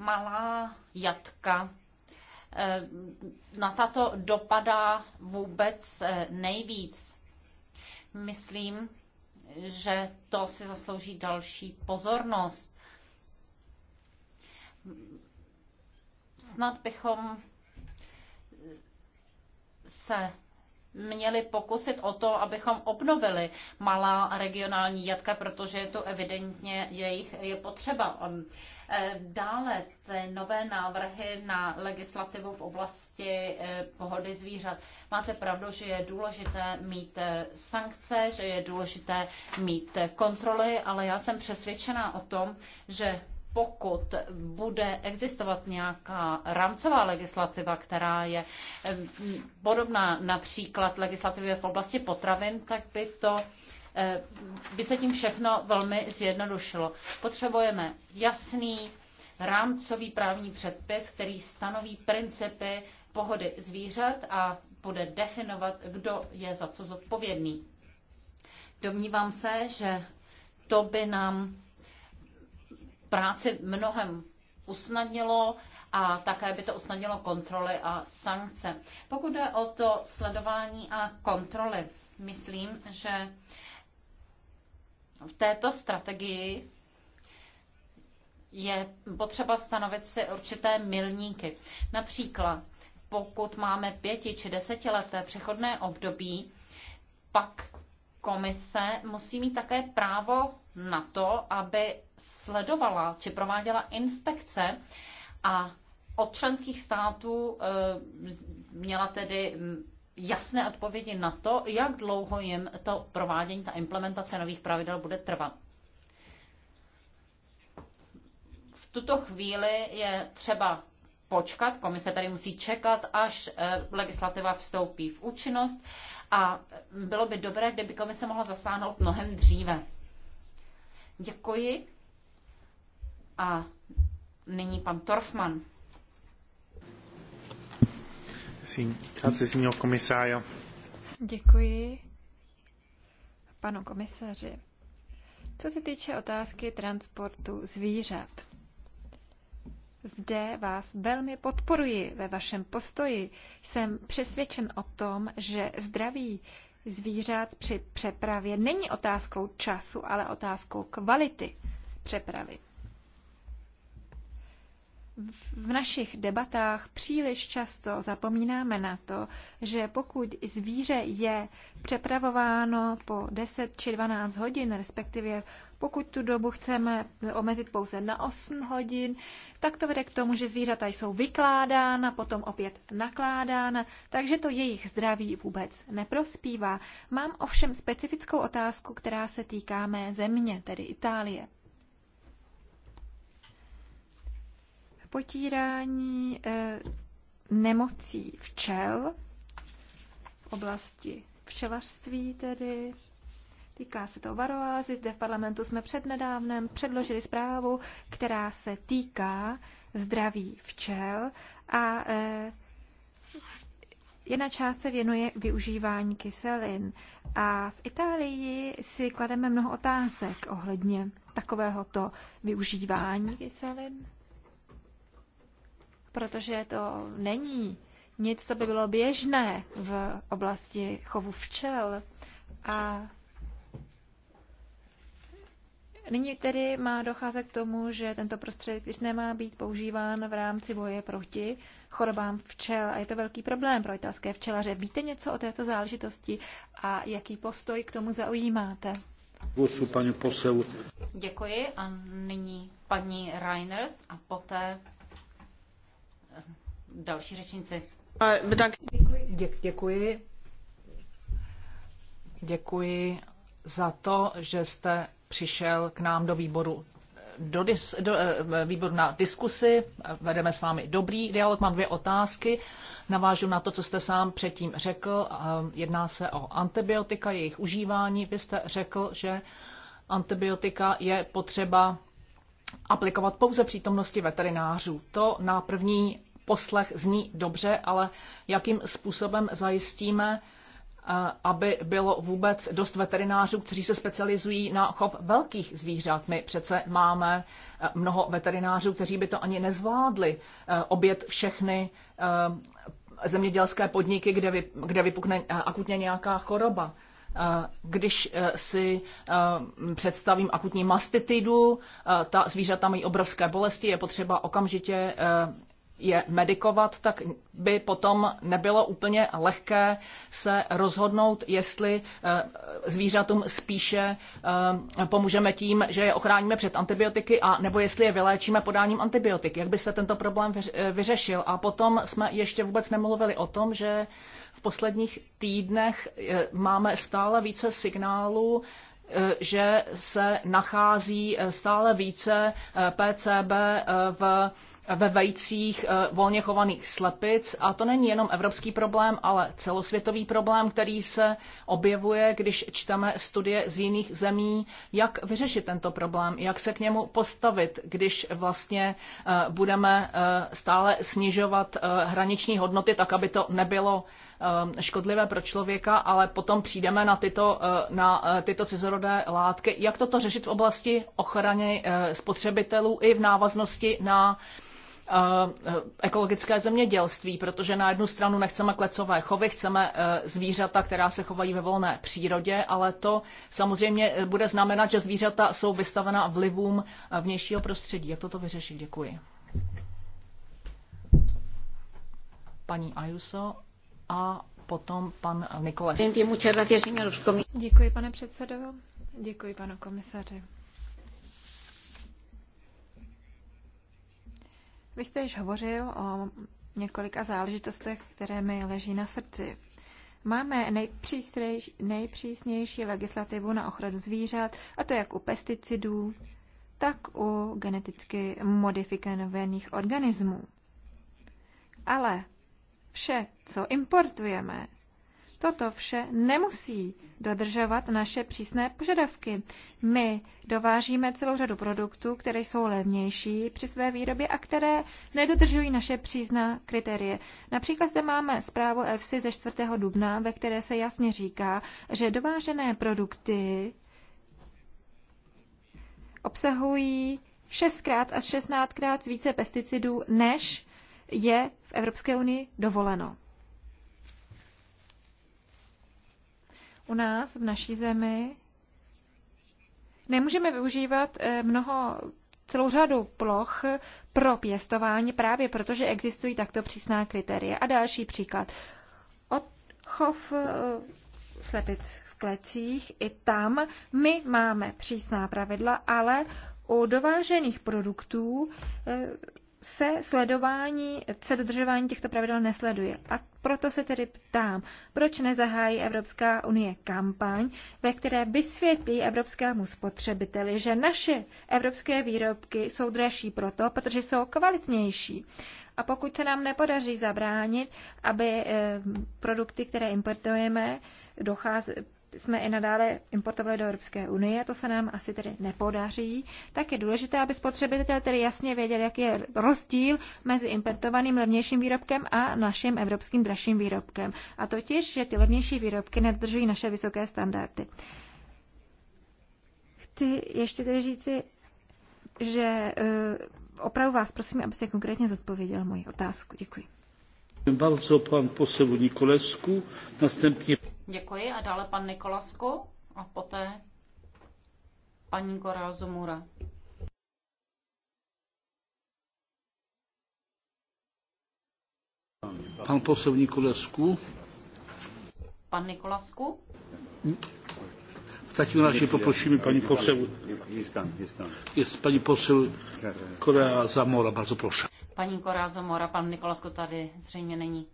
malá jatka eh, na tato dopadá vůbec eh, nejvíc. Myslím, že to si zaslouží další pozornost. Snad bychom se měli pokusit o to, abychom obnovili malá regionální jatka, protože je to evidentně jejich je potřeba. Eh, dále ty nové návrhy na legislativu v oblasti eh, pohody zvířat. Máte pravdu, že je důležité mít eh, sankce, že je důležité mít kontroly, ale já jsem přesvědčená o tom, že pokud bude existovat nějaká rámcová legislativa, která je podobná například legislativě v oblasti potravin, tak by to Eh, by se tím všechno velmi zjednodušilo. Potřebujeme jasný rámcový právní předpis, který stanoví principy pohody zvířat a bude definovat, kdo je za co zodpovědný. Domnívám se, že to by nám práci mnohem usnadnilo a také by to usnadnilo kontroly a sankce. Pokud jde o to sledování a kontroly, myslím, že v této strategii je potřeba stanovit si určité milníky. Například, pokud máme pěti či desetileté přechodné období, pak komise musí mít také právo na to, aby sledovala či prováděla inspekce a od členských států eh, měla tedy jasné odpovědi na to, jak dlouho jim to provádění, ta implementace nových pravidel bude trvat. V tuto chvíli je třeba počkat, komise tady musí čekat, až eh, legislativa vstoupí v účinnost a bylo by dobré, kdyby komise mohla zasáhnout mnohem dříve. Děkuji. A nyní pan Torfman signor komisario. Děkuji panu komisaři. Co se týče otázky transportu zvířat, zde vás velmi podporuji ve vašem postoji. Jsem přesvědčen o tom, že zdraví zvířat při přepravě není otázkou času, ale otázkou kvality přepravy v našich debatách příliš často zapomínáme na to, že pokud zvíře je přepravováno po 10 či 12 hodin, respektive pokud tu dobu chceme omezit pouze na 8 hodin, tak to vede k tomu, že zvířata jsou vykládána, potom opět nakládána, takže to jejich zdraví vůbec neprospívá. Mám ovšem specifickou otázku, která se týká mé země, tedy Itálie. potírání eh, nemocí včel v oblasti včelařství tedy. Týká se to varoázy. Zde v parlamentu jsme přednedávnem předložili zprávu, která se týká zdraví včel a e, jedna část se věnuje využívání kyselin. A v Itálii si klademe mnoho otázek ohledně takovéhoto využívání kyselin protože to není nic, co by bylo běžné v oblasti chovu včel. A nyní tedy má docházet k tomu, že tento prostředek když nemá být používán v rámci boje proti chorobám včel a je to velký problém pro italské včelaře. Víte něco o této záležitosti a jaký postoj k tomu zaujímáte? Děkuji a nyní paní Reiners a poté další řečníci. Děkuji. Děkuji. za to, že jste přišel k nám do výboru do, dis, do eh, výboru na diskusi. Vedeme s vámi dobrý dialog. Mám dvě otázky. Navážu na to, co jste sám předtím řekl. Jedná se o antibiotika, jejich užívání. Vy jste řekl, že antibiotika je potřeba aplikovat pouze v přítomnosti veterinářů. To na první poslech zní dobře, ale jakým způsobem zajistíme, eh, aby bylo vůbec dost veterinářů, kteří se specializují na chov velkých zvířat. My přece máme eh, mnoho veterinářů, kteří by to ani nezvládli eh, obět všechny zemědělské podniky, kde, vypukne akutně nějaká choroba. Když si představím akutní mastitidu, ta zvířata mají obrovské bolesti, je potřeba okamžitě je medikovat, tak by potom nebylo úplně lehké se rozhodnout, jestli eh, zvířatům spíše eh, pomůžeme tím, že je ochráníme před antibiotiky, a nebo jestli je vyléčíme podáním antibiotik. Jak by se tento problém eh, vyřešil? A potom jsme ještě vůbec nemluvili o tom, že v posledních týdnech máme stále více signálů, že se nachází stále více PCB v ve vejcích eh, volně chovaných slepic. A to není jenom evropský problém, ale celosvětový problém, který se objevuje, když čteme studie z jiných zemí, jak vyřešit tento problém, jak se k němu postavit, když vlastně eh, budeme eh, stále snižovat hraniční hodnoty, tak aby to nebylo škodlivé pro člověka, ale potom přijdeme na tyto, na tyto cizorodé látky. Jak toto řešit v oblasti ochrany spotřebitelů i v návaznosti na ekologické zemědělství, protože na jednu stranu nechceme klecové chovy, chceme e, zvířata, která se chovají ve volné přírodě, ale to samozřejmě bude znamenat, že zvířata jsou vystavena vlivům e, vnějšího prostředí. Jak toto vyřešit? Děkuji. Paní Ayuso a potom pan Nikoles. Děkuji, pane předsedo. Děkuji, panu komisaři. Vy jste již hovořil o několika záležitostech, které mi leží na srdci. Máme nejpřísnější legislativu na ochranu zvířat, a to jak u pesticidů, tak u geneticky modifikovaných organismů. Ale vše, co importujeme, Toto vše nemusí dodržovat naše přísné požadavky. My dovážíme celou řadu produktů, které jsou levnější při své výrobě a které nedodržují naše přízná kritérie. Například zde máme zprávu EFSI ze 4. dubna, ve které se jasně říká, že dovážené produkty obsahují 6 x až 16 x více pesticidů, než je v Evropské unii dovoleno. u nás, v naší zemi, nemůžeme využívat eh, mnoho celou řadu ploch pro pěstování právě protože existují takto přísná kritéria. A další příklad. Od chov eh, slepic v klecích, i tam my máme přísná pravidla, ale u dovážených produktů eh, se sledování, se dodržování těchto pravidel nesleduje. A proto se tedy ptám, proč nezahájí Evropská unie kampaň, ve které vysvětlí evropskému spotřebiteli, že naše evropské výrobky jsou dražší proto, protože jsou kvalitnější. A pokud se nám nepodaří zabránit, aby eh, produkty, které importujeme, dochází, jsme i nadále importovali do Evropské unie, to se nám asi tedy nepodaří, tak je důležité, aby spotřebitel tedy jasně věděl, jaký je rozdíl mezi importovaným levnějším výrobkem a naším evropským dražším výrobkem. A totiž, že ty levnější výrobky nedržují naše vysoké standardy. Chci ještě tedy říci, že e, opravdu vás prosím, abyste konkrétně zodpověděl moji otázku. Děkuji. Bardzo pan poseł Nikolesku, następnie Děkuji a dále pan Nikolasku a poté paní Koral Zumura. Pan poseł Nikolasku. Pan Nikolasku. W takim razie poprosimy pani poseł. Jest pani poseł Korea Zamora, bardzo proszę. Pani Korea Zamora, pan Nikolasku tady zřejmě není.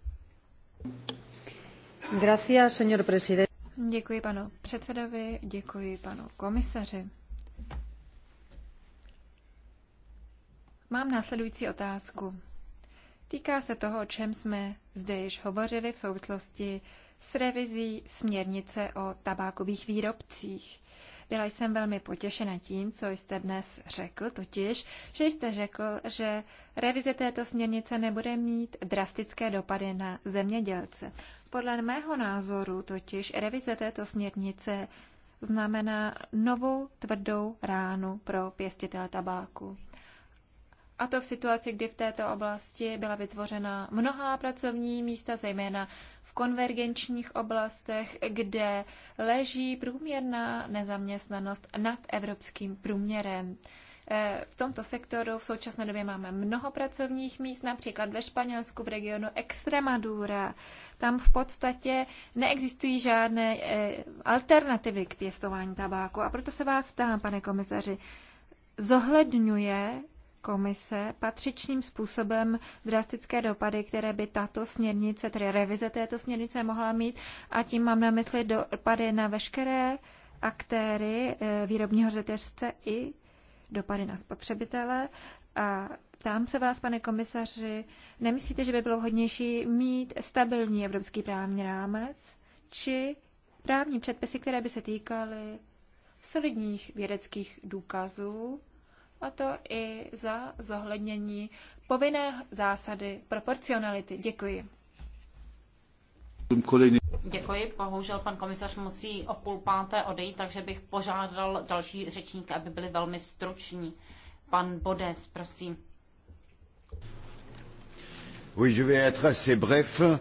Děkuji panu předsedovi, děkuji panu komisaři. Mám následující otázku. Týká se toho, o čem jsme zde již hovořili v souvislosti s revizí směrnice o tabákových výrobcích. Byla jsem velmi potěšena tím, co jste dnes řekl, totiž, že jste řekl, že revize této směrnice nebude mít drastické dopady na zemědělce. Podle mého názoru totiž revize této směrnice znamená novou tvrdou ránu pro pěstitele tabáku. A to v situaci, kdy v této oblasti byla vytvořena mnohá pracovní místa, zejména v konvergenčních oblastech, kde leží průměrná nezaměstnanost nad evropským průměrem. Eh, v tomto sektoru v současné době máme mnoho pracovních míst, například ve Španělsku v regionu Extremadura. Tam v podstatě neexistují žádné eh, alternativy k pěstování tabáku. A proto se vás ptám, pane komisaři, zohledňuje komise patřičným způsobem drastické dopady, které by tato směrnice, tedy revize této směrnice mohla mít a tím mám na mysli dopady na veškeré aktéry eh, výrobního řetězce i dopady na spotřebitele. A ptám se vás, pane komisaři, nemyslíte, že by bylo hodnější mít stabilní evropský právní rámec či právní předpisy, které by se týkaly solidních vědeckých důkazů, a to i za zohlednění povinné zásady proporcionality. Děkuji. Děkuji, bohužel pan komisař musí o půl páté odejít, takže bych požádal další řečníky, aby byli velmi struční. Pan Bodes, prosím. Oui, je vais être assez bref. Euh...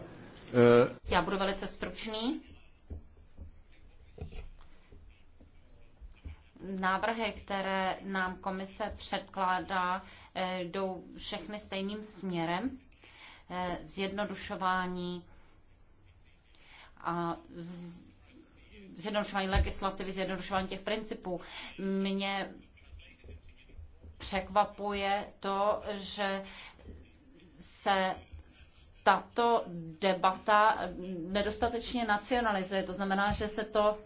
Já budu velice stručný. Návrhy, které nám komise předkládá, eh, jdou všechny stejným směrem. Eh, zjednodušování a zjednodušování legislativy, zjednodušování těch principů. Mě překvapuje to, že se tato debata nedostatečně nacionalizuje. To znamená, že se to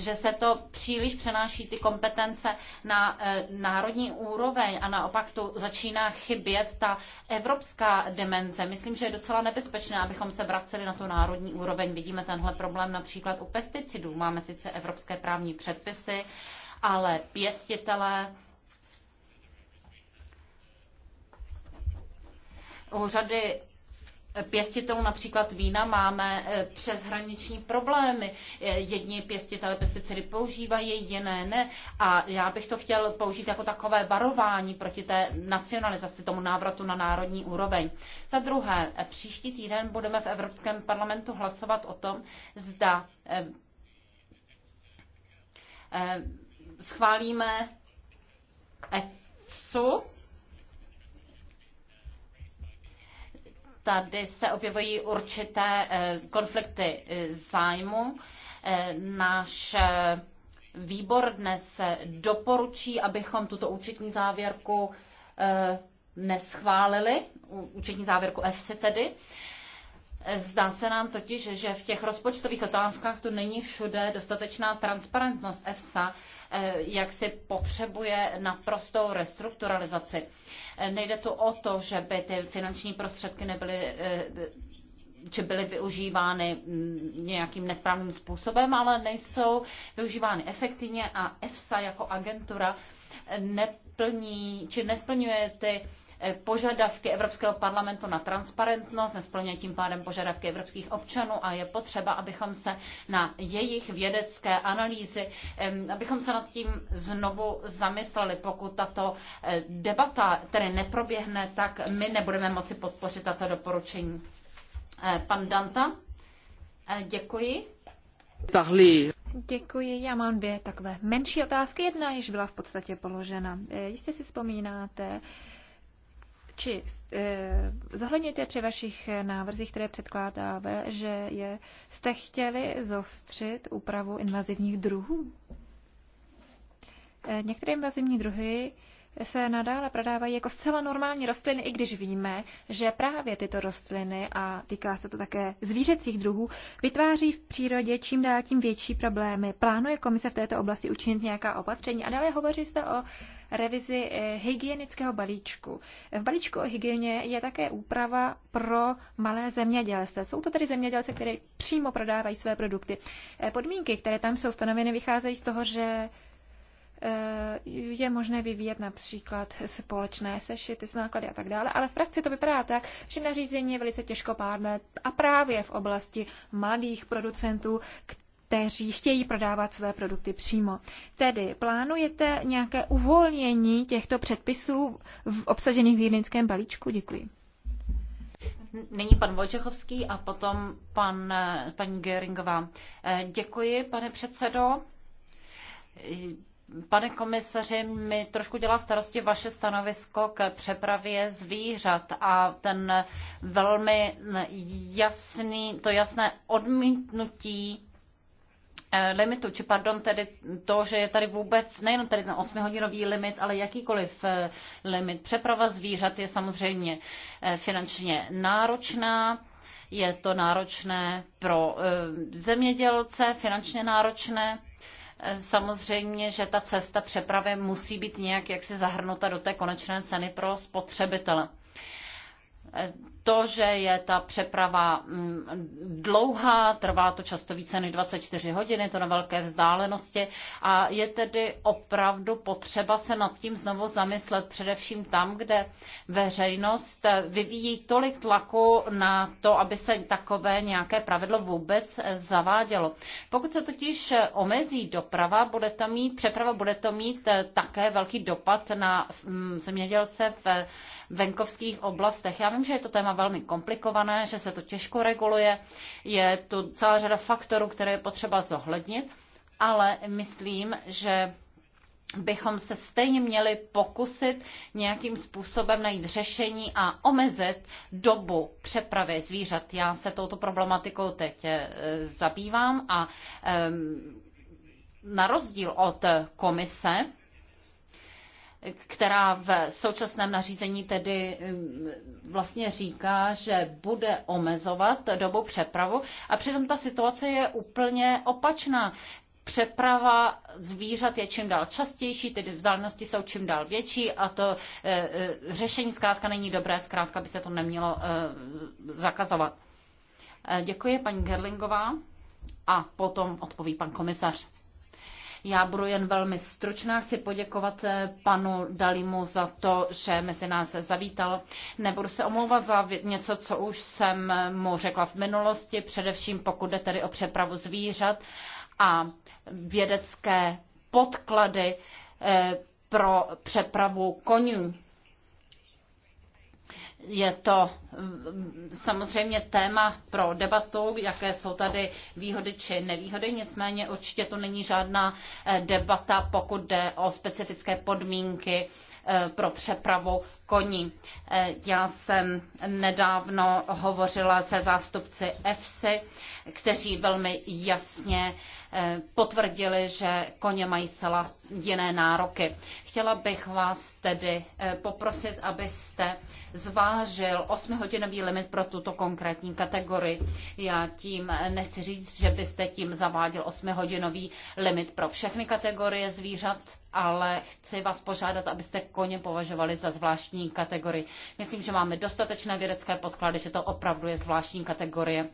že se to příliš přenáší ty kompetence na eh, národní úroveň a naopak tu začíná chybět ta evropská dimenze. Myslím, že je docela nebezpečné, abychom se vraceli na tu národní úroveň. Vidíme tenhle problém například u pesticidů. Máme sice evropské právní předpisy, ale pěstitele úřady pěstitelů například vína máme e, přeshraniční problémy. E, jedni pěstitelé pesticidy používají, jiné ne. A já bych to chtěl použít jako takové varování proti té nacionalizaci, tomu návratu na národní úroveň. Za druhé, e, příští týden budeme v Evropském parlamentu hlasovat o tom, zda schválíme EFSU, tady se objevují určité eh, konflikty eh, zájmu. Eh, náš výbor dnes doporučí, abychom tuto účetní závěrku neschválili, účetní závěrku EFSI tedy. Zdá se nám totiž, že v těch rozpočtových otázkách tu není všude dostatečná transparentnost EFSA, eh, jak si potřebuje naprostou restrukturalizaci. Eh, nejde tu o to, že by ty finanční prostředky nebyly eh, či byly využívány mm, nějakým nesprávným způsobem, ale nejsou využívány efektivně a EFSA jako agentura neplní, či nesplňuje ty Eh, požadavky Evropského parlamentu na transparentnost, nesplňuje tím pádem požadavky evropských občanů a je potřeba, abychom se na jejich vědecké analýzy, abychom se nad tím znovu zamysleli. Pokud tato eh, debata tedy neproběhne, tak my nebudeme moci podpořit tato doporučení. Eh, pan Danta, děkuji. Tahli. Děkuji, já mám dvě takové menší otázky. Jedna již byla v podstatě položena. Jistě si vzpomínáte, či e, eh, zohledněte při vašich eh, návrzích, které předkládáme, že je, jste chtěli zostřit úpravu invazivních druhů. Eh, některé invazivní druhy se nadále prodávají jako zcela normální rostliny, i když víme, že právě tyto rostliny, a týká se to také zvířecích druhů, vytváří v přírodě čím dál tím větší problémy. Plánuje komise v této oblasti učinit nějaká opatření? A dále hovoří se o revizi eh, hygienického balíčku. V balíčku o hygieně je také úprava pro malé zemědělce. Jsou to tedy zemědělce, které přímo prodávají své produkty. Eh, podmínky, které tam jsou stanoveny, vycházejí z toho, že eh, je možné vyvíjet například společné sešity s náklady a tak dále, ale v praxi to vypadá tak, že nařízení je velice těžkopádné a právě v oblasti mladých producentů, kteří chtějí prodávat své produkty přímo. Tedy plánujete nějaké uvolnění těchto předpisů v obsažených v jednickém balíčku? Děkuji. Nyní pan Vojčechovský a potom pan, paní Geringová. Eh, děkuji, pane předsedo. Eh, pane komisaři, mi trošku dělá starosti vaše stanovisko k přepravě zvířat a ten velmi jasný, to jasné odmítnutí Eh, limitu, či pardon, tedy to, že je tady vůbec nejen tady ten 8-hodinový limit, ale jakýkoliv eh, limit. Přeprava zvířat je samozřejmě eh, finančně náročná, je to náročné pro zemědělce, finančně náročné. Samozřejmě, že ta cesta přepravy musí být nějak jaksi zahrnuta do té konečné ceny pro spotřebitele to, že je ta přeprava mm, dlouhá, trvá to často více než 24 hodin, je to na velké vzdálenosti a je tedy opravdu potřeba se nad tím znovu zamyslet, především tam, kde veřejnost vyvíjí tolik tlaku na to, aby se takové nějaké pravidlo vůbec zavádělo. Pokud se totiž omezí doprava, bude to mít, přeprava bude to mít také velký dopad na mm, zemědělce v venkovských oblastech. Já vím, že je to téma velmi komplikované, že se to těžko reguluje. Je tu celá řada faktorů, které je potřeba zohlednit, ale myslím, že bychom se stejně měli pokusit nějakým způsobem najít řešení a omezit dobu přepravy zvířat. Já se touto problematikou teď eh, zabývám a ehm, na rozdíl od komise která v současném nařízení tedy um, vlastně říká, že bude omezovat dobu přepravu a přitom ta situace je úplně opačná. Přeprava zvířat je čím dál častější, tedy vzdálenosti jsou čím dál větší a to e, řešení zkrátka není dobré, zkrátka by se to nemělo e, zakazovat. E, děkuji, paní Gerlingová. A potom odpoví pan komisař. Já budu jen velmi stručná. Chci poděkovat eh, panu Dalimu za to, že mezi nás zavítal. Nebudu se omlouvat za něco, co už jsem eh, mu řekla v minulosti, především pokud jde tedy o přepravu zvířat a vědecké podklady eh, pro přepravu koní je to mm, samozřejmě téma pro debatu, jaké jsou tady výhody či nevýhody, nicméně určitě to není žádná eh, debata, pokud jde o specifické podmínky eh, pro přepravu koní. Eh, já jsem nedávno hovořila se zástupci EFSI, kteří velmi jasně Eh, potvrdili, že koně mají zcela jiné nároky. Chtěla bych vás tedy eh, poprosit, abyste zvážil 8-hodinový limit pro tuto konkrétní kategorii. Já tím nechci říct, že byste tím zaváděl 8-hodinový limit pro všechny kategorie zvířat, ale chci vás požádat, abyste koně považovali za zvláštní kategorii. Myslím, že máme dostatečné vědecké podklady, že to opravdu je zvláštní kategorie.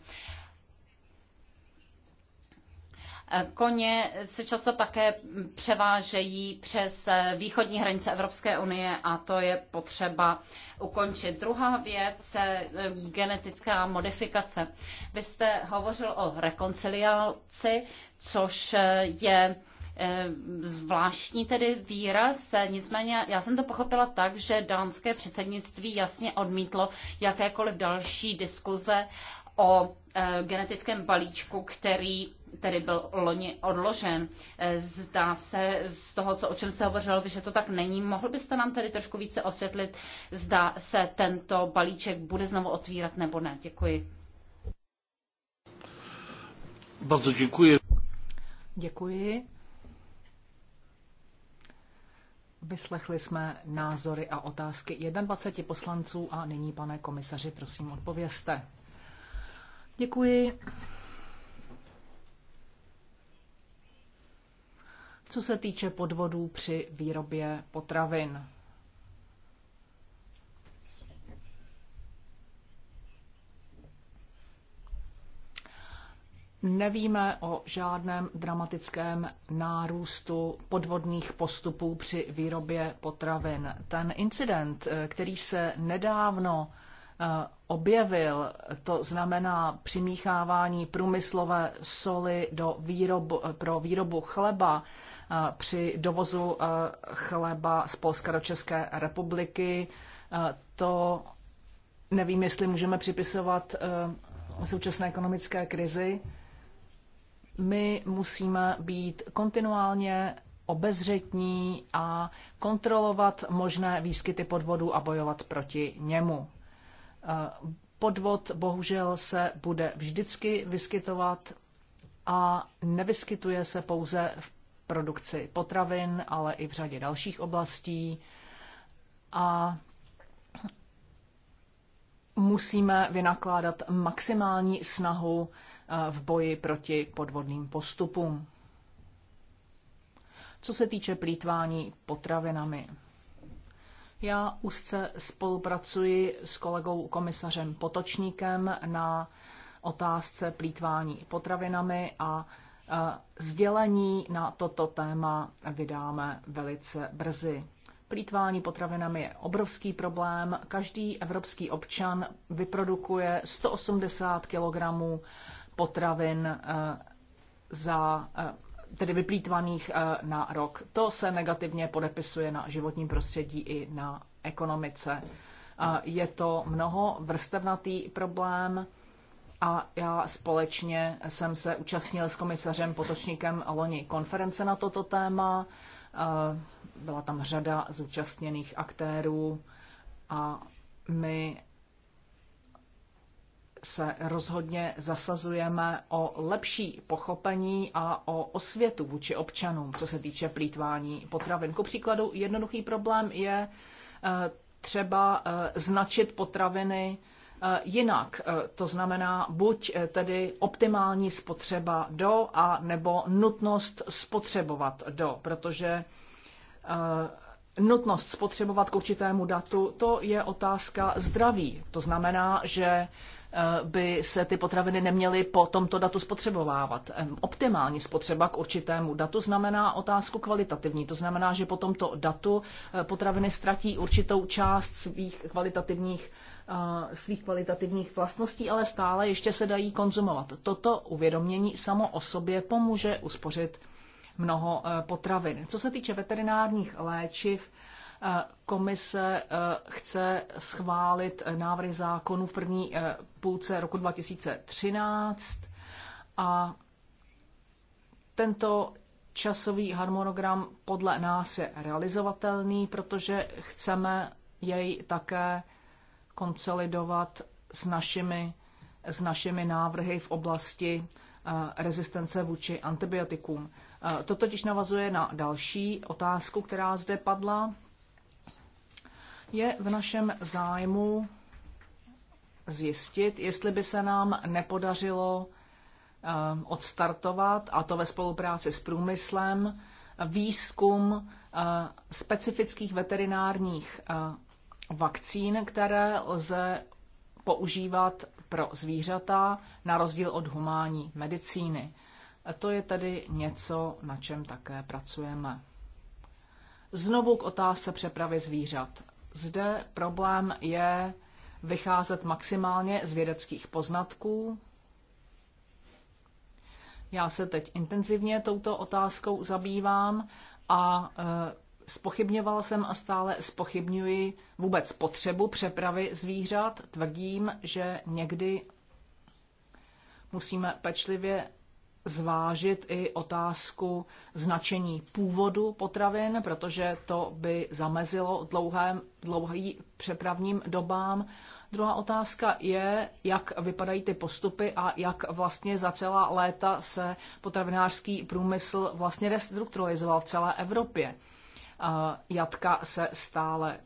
Koně se často také převážejí přes východní hranice Evropské unie a to je potřeba ukončit. Druhá věc, je eh, genetická modifikace. Vy jste hovořil o rekonciliaci, což eh, je eh, zvláštní tedy výraz, nicméně já jsem to pochopila tak, že dánské předsednictví jasně odmítlo jakékoliv další diskuze o genetickém balíčku, který tedy byl loni odložen. Eh, zdá se z toho, co, o čem jste hovořil, že to tak není. Mohl byste nám tedy trošku více osvětlit, zda se tento balíček bude znovu otvírat nebo ne? Děkuji. Bardzo děkuji. Děkuji. Vyslechli jsme názory a otázky 21 poslanců a nyní, pane komisaři, prosím, odpovězte. Děkuji. co se týče podvodů při výrobě potravin. Nevíme o žádném dramatickém nárůstu podvodných postupů při výrobě potravin. Ten incident, který se nedávno Eh, objevil, to znamená přimíchávání průmyslové soli do výrobu, pro výrobu chleba eh, při dovozu eh, chleba z Polska do České republiky, to nevím, jestli můžeme připisovat současné ekonomické krizi. My musíme být kontinuálně obezřetní a kontrolovat možné výskyty podvodů a bojovat proti němu. Eh, podvod bohužel se bude vždycky vyskytovat a nevyskytuje se pouze v produkci potravin, ale i v řadě dalších oblastí. A musíme vynakládat maximální snahu eh, v boji proti podvodným postupům. Co se týče plítvání potravinami, já úzce spolupracuji s kolegou komisařem Potočníkem na otázce plítvání potravinami a e, sdělení na toto téma vydáme velice brzy. Plítvání potravinami je obrovský problém. Každý evropský občan vyprodukuje 180 kg potravin e, za e, tedy vyplýtvaných eh, na rok. To se negativně podepisuje na životním prostředí i na ekonomice. Eh, je to mnoho vrstevnatý problém a já společně jsem se účastnil s komisařem Potočníkem loni konference na toto téma. Eh, byla tam řada zúčastněných aktérů a my se rozhodně zasazujeme o lepší pochopení a o osvětu vůči občanům, co se týče plítvání potravin. Ku příkladu, jednoduchý problém je eh, třeba eh, značit potraviny eh, jinak. To znamená buď tedy optimální spotřeba do a nebo nutnost spotřebovat do, protože nutnost spotřebovat k určitému datu, to je otázka zdraví. To znamená, že Eh, by se ty potraviny neměly po tomto datu spotřebovávat. Optimální spotřeba k určitému datu znamená otázku kvalitativní. To znamená, že po tomto datu eh, potraviny ztratí určitou část svých kvalitativních eh, svých kvalitativních vlastností, ale stále ještě se dají konzumovat. Toto uvědomění samo o sobě pomůže uspořit mnoho potravin. Co se týče veterinárních léčiv, Eh, komise eh, chce schválit návrhy zákonů v první eh, půlce roku 2013 a tento časový harmonogram podle nás je realizovatelný, protože chceme jej také konsolidovat s našimi, s našimi návrhy v oblasti rezistence vůči antibiotikům. To totiž navazuje na další otázku, která zde padla. Je v našem zájmu zjistit, jestli by se nám nepodařilo eh, odstartovat, a to ve spolupráci s průmyslem, výzkum eh, specifických veterinárních eh, vakcín, které lze používat pro zvířata na rozdíl od humánní medicíny. To je tedy něco, na čem také pracujeme. Znovu k otázce přepravy zvířat. Zde problém je vycházet maximálně z vědeckých poznatků. Já se teď intenzivně touto otázkou zabývám a e, spochybňoval jsem a stále spochybňuji vůbec potřebu přepravy zvířat. Tvrdím, že někdy musíme pečlivě zvážit i otázku značení původu potravin, protože to by zamezilo dlouhým dlouhým přepravním dobám. Druhá otázka je, jak vypadají ty postupy a jak vlastně za celá léta se potravinářský průmysl vlastně restrukturalizoval v celé Evropě. Jatka se stále e,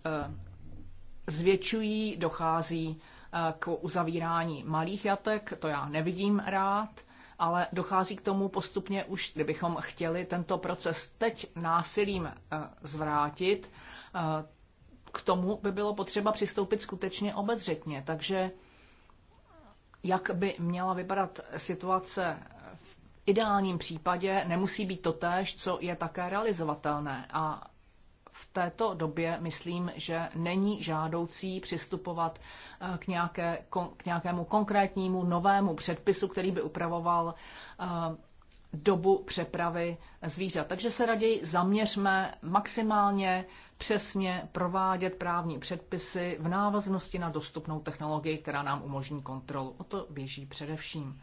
zvětšují, dochází e, k uzavírání malých jatek, to já nevidím rád ale dochází k tomu postupně už, kdybychom chtěli tento proces teď násilím eh, zvrátit, eh, k tomu by bylo potřeba přistoupit skutečně obezřetně. Takže jak by měla vypadat situace v ideálním případě, nemusí být totéž, co je také realizovatelné. A v této době myslím, že není žádoucí přistupovat eh, k, nějaké, k nějakému konkrétnímu novému předpisu, který by upravoval eh, dobu přepravy zvířat. Takže se raději zaměřme maximálně přesně provádět právní předpisy v návaznosti na dostupnou technologii, která nám umožní kontrolu. O to běží především.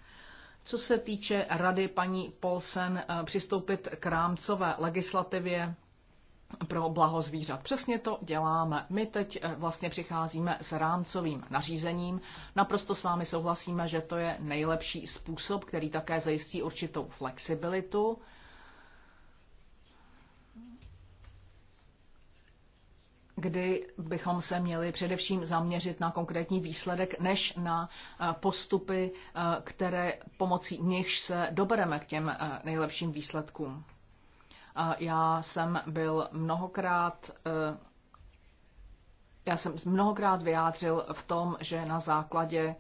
Co se týče rady paní Polsen eh, přistoupit k rámcové legislativě pro blaho zvířat. Přesně to děláme. My teď eh, vlastně přicházíme s rámcovým nařízením. Naprosto s vámi souhlasíme, že to je nejlepší způsob, který také zajistí určitou flexibilitu. kdy bychom se měli především zaměřit na konkrétní výsledek, než na eh, postupy, eh, které pomocí nich se dobereme k těm nejlepším výsledkům. Já jsem byl mnohokrát eh, já jsem mnohokrát vyjádřil v tom, že na základě eh,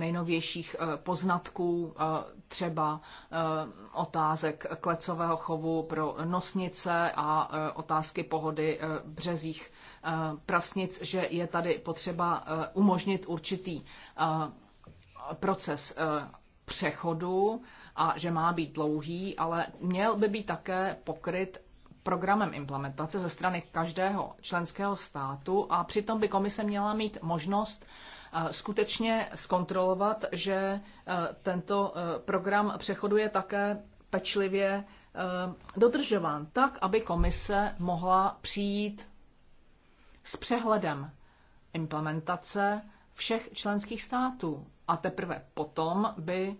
nejnovějších eh, poznatků, třeba otázek klecového chovu pro nosnice a otázky pohody březích prasnic, že je tady potřeba umožnit určitý proces přechodu a že má být dlouhý, ale měl by být také pokryt programem implementace ze strany každého členského státu a přitom by komise měla mít možnost eh, skutečně zkontrolovat, že eh, tento eh, program přechodu je také pečlivě dodržován, tak, aby komise mohla přijít s přehledem implementace všech členských států. A teprve potom by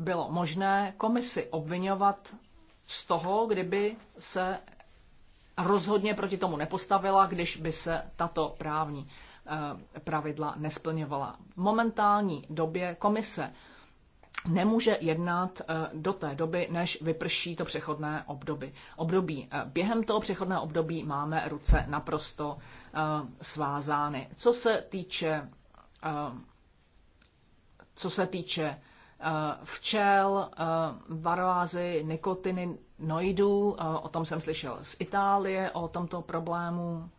bylo možné komisi obvinovat z toho, kdyby se rozhodně proti tomu nepostavila, když by se tato právní eh, pravidla nesplňovala. V momentální době komise nemůže jednat eh, do té doby, než vyprší to přechodné období. období. Eh, během toho přechodného období máme ruce naprosto svázány. Co se týče co se týče Eh, včel, eh, nikotiny, noidů. Eh, o tom jsem slyšel z Itálie, o tomto problému.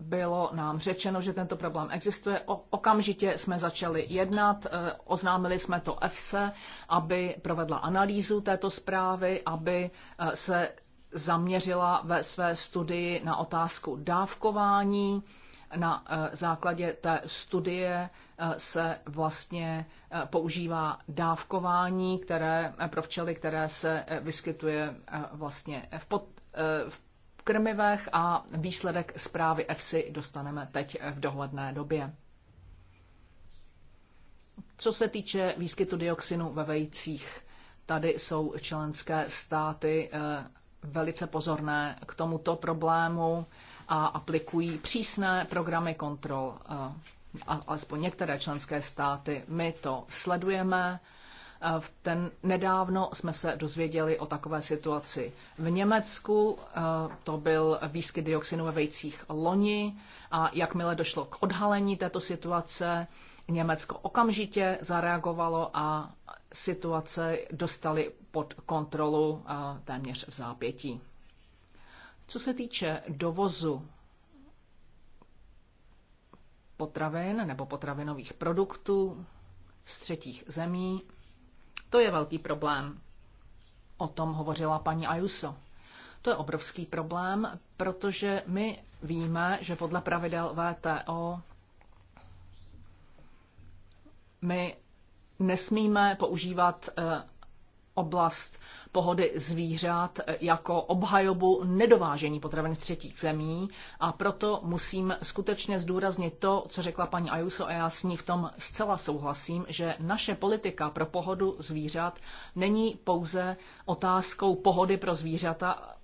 Bylo nám řečeno, že tento problém existuje. O, okamžitě jsme začali jednat, oznámili jsme to EFSE, aby provedla analýzu této zprávy, aby se zaměřila ve své studii na otázku dávkování na eh, základě té studie eh, se vlastně eh, používá dávkování, které pro včely, které se vyskytuje vlastně v, pod, v krmivech a výsledek zprávy EFSI dostaneme teď v dohledné době. Co se týče výskytu dioxinu ve vejcích, tady jsou členské státy velice pozorné k tomuto problému a aplikují přísné programy kontrol, eh, alespoň některé členské státy. My to sledujeme. Eh, v ten, nedávno jsme se dozvěděli o takové situaci v Německu. Eh, to byl výskyt dioxinu ve vejcích loni a jakmile došlo k odhalení této situace, Německo okamžitě zareagovalo a situace dostali pod kontrolu téměř v zápětí. Co se týče dovozu potravin nebo potravinových produktů z třetích zemí, to je velký problém. O tom hovořila paní Ayuso. To je obrovský problém, protože my víme, že podle pravidel VTO my nesmíme používat eh, oblast pohody zvířat jako obhajobu nedovážení potravin z třetích zemí a proto musím skutečně zdůraznit to, co řekla paní Ayuso a já s ní v tom zcela souhlasím, že naše politika pro pohodu zvířat není pouze otázkou pohody pro zvířata,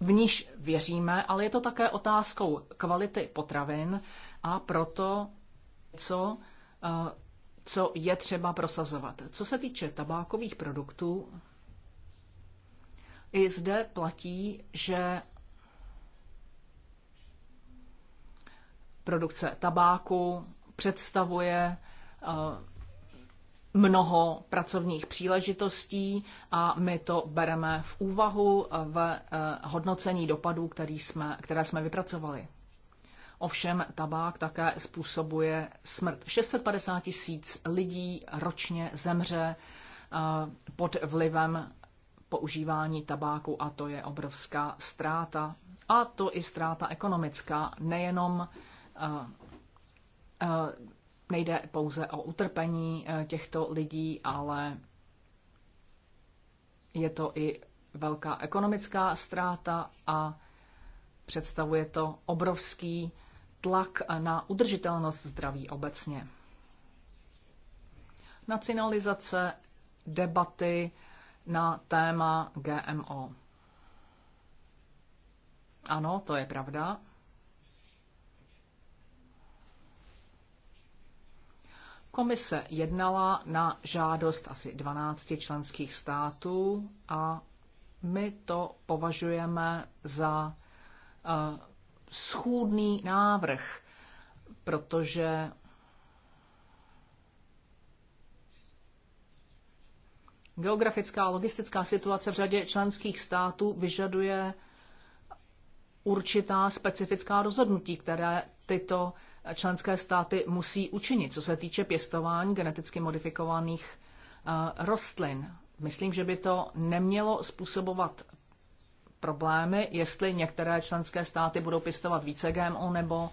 v níž věříme, ale je to také otázkou kvality potravin a proto, co eh, co je třeba prosazovat. Co se týče tabákových produktů, i zde platí, že produkce tabáku představuje eh, mnoho pracovních příležitostí a my to bereme v úvahu eh, v eh, hodnocení dopadů, který jsme, které jsme vypracovali. Ovšem tabák také způsobuje smrt. 650 tisíc lidí ročně zemře eh, pod vlivem používání tabáku a to je obrovská ztráta. A to i ztráta ekonomická, nejenom eh, eh, nejde pouze o utrpení těchto lidí, ale je to i velká ekonomická ztráta a představuje to obrovský tlak na udržitelnost zdraví obecně. Nacionalizace debaty na téma GMO. Ano, to je pravda. Komise jednala na žádost asi 12 členských států a my to považujeme za eh, schůdný návrh, protože geografická a logistická situace v řadě členských států vyžaduje určitá specifická rozhodnutí, které tyto členské státy musí učinit, co se týče pěstování geneticky modifikovaných eh, rostlin. Myslím, že by to nemělo způsobovat problémy, jestli některé členské státy budou pěstovat více GMO nebo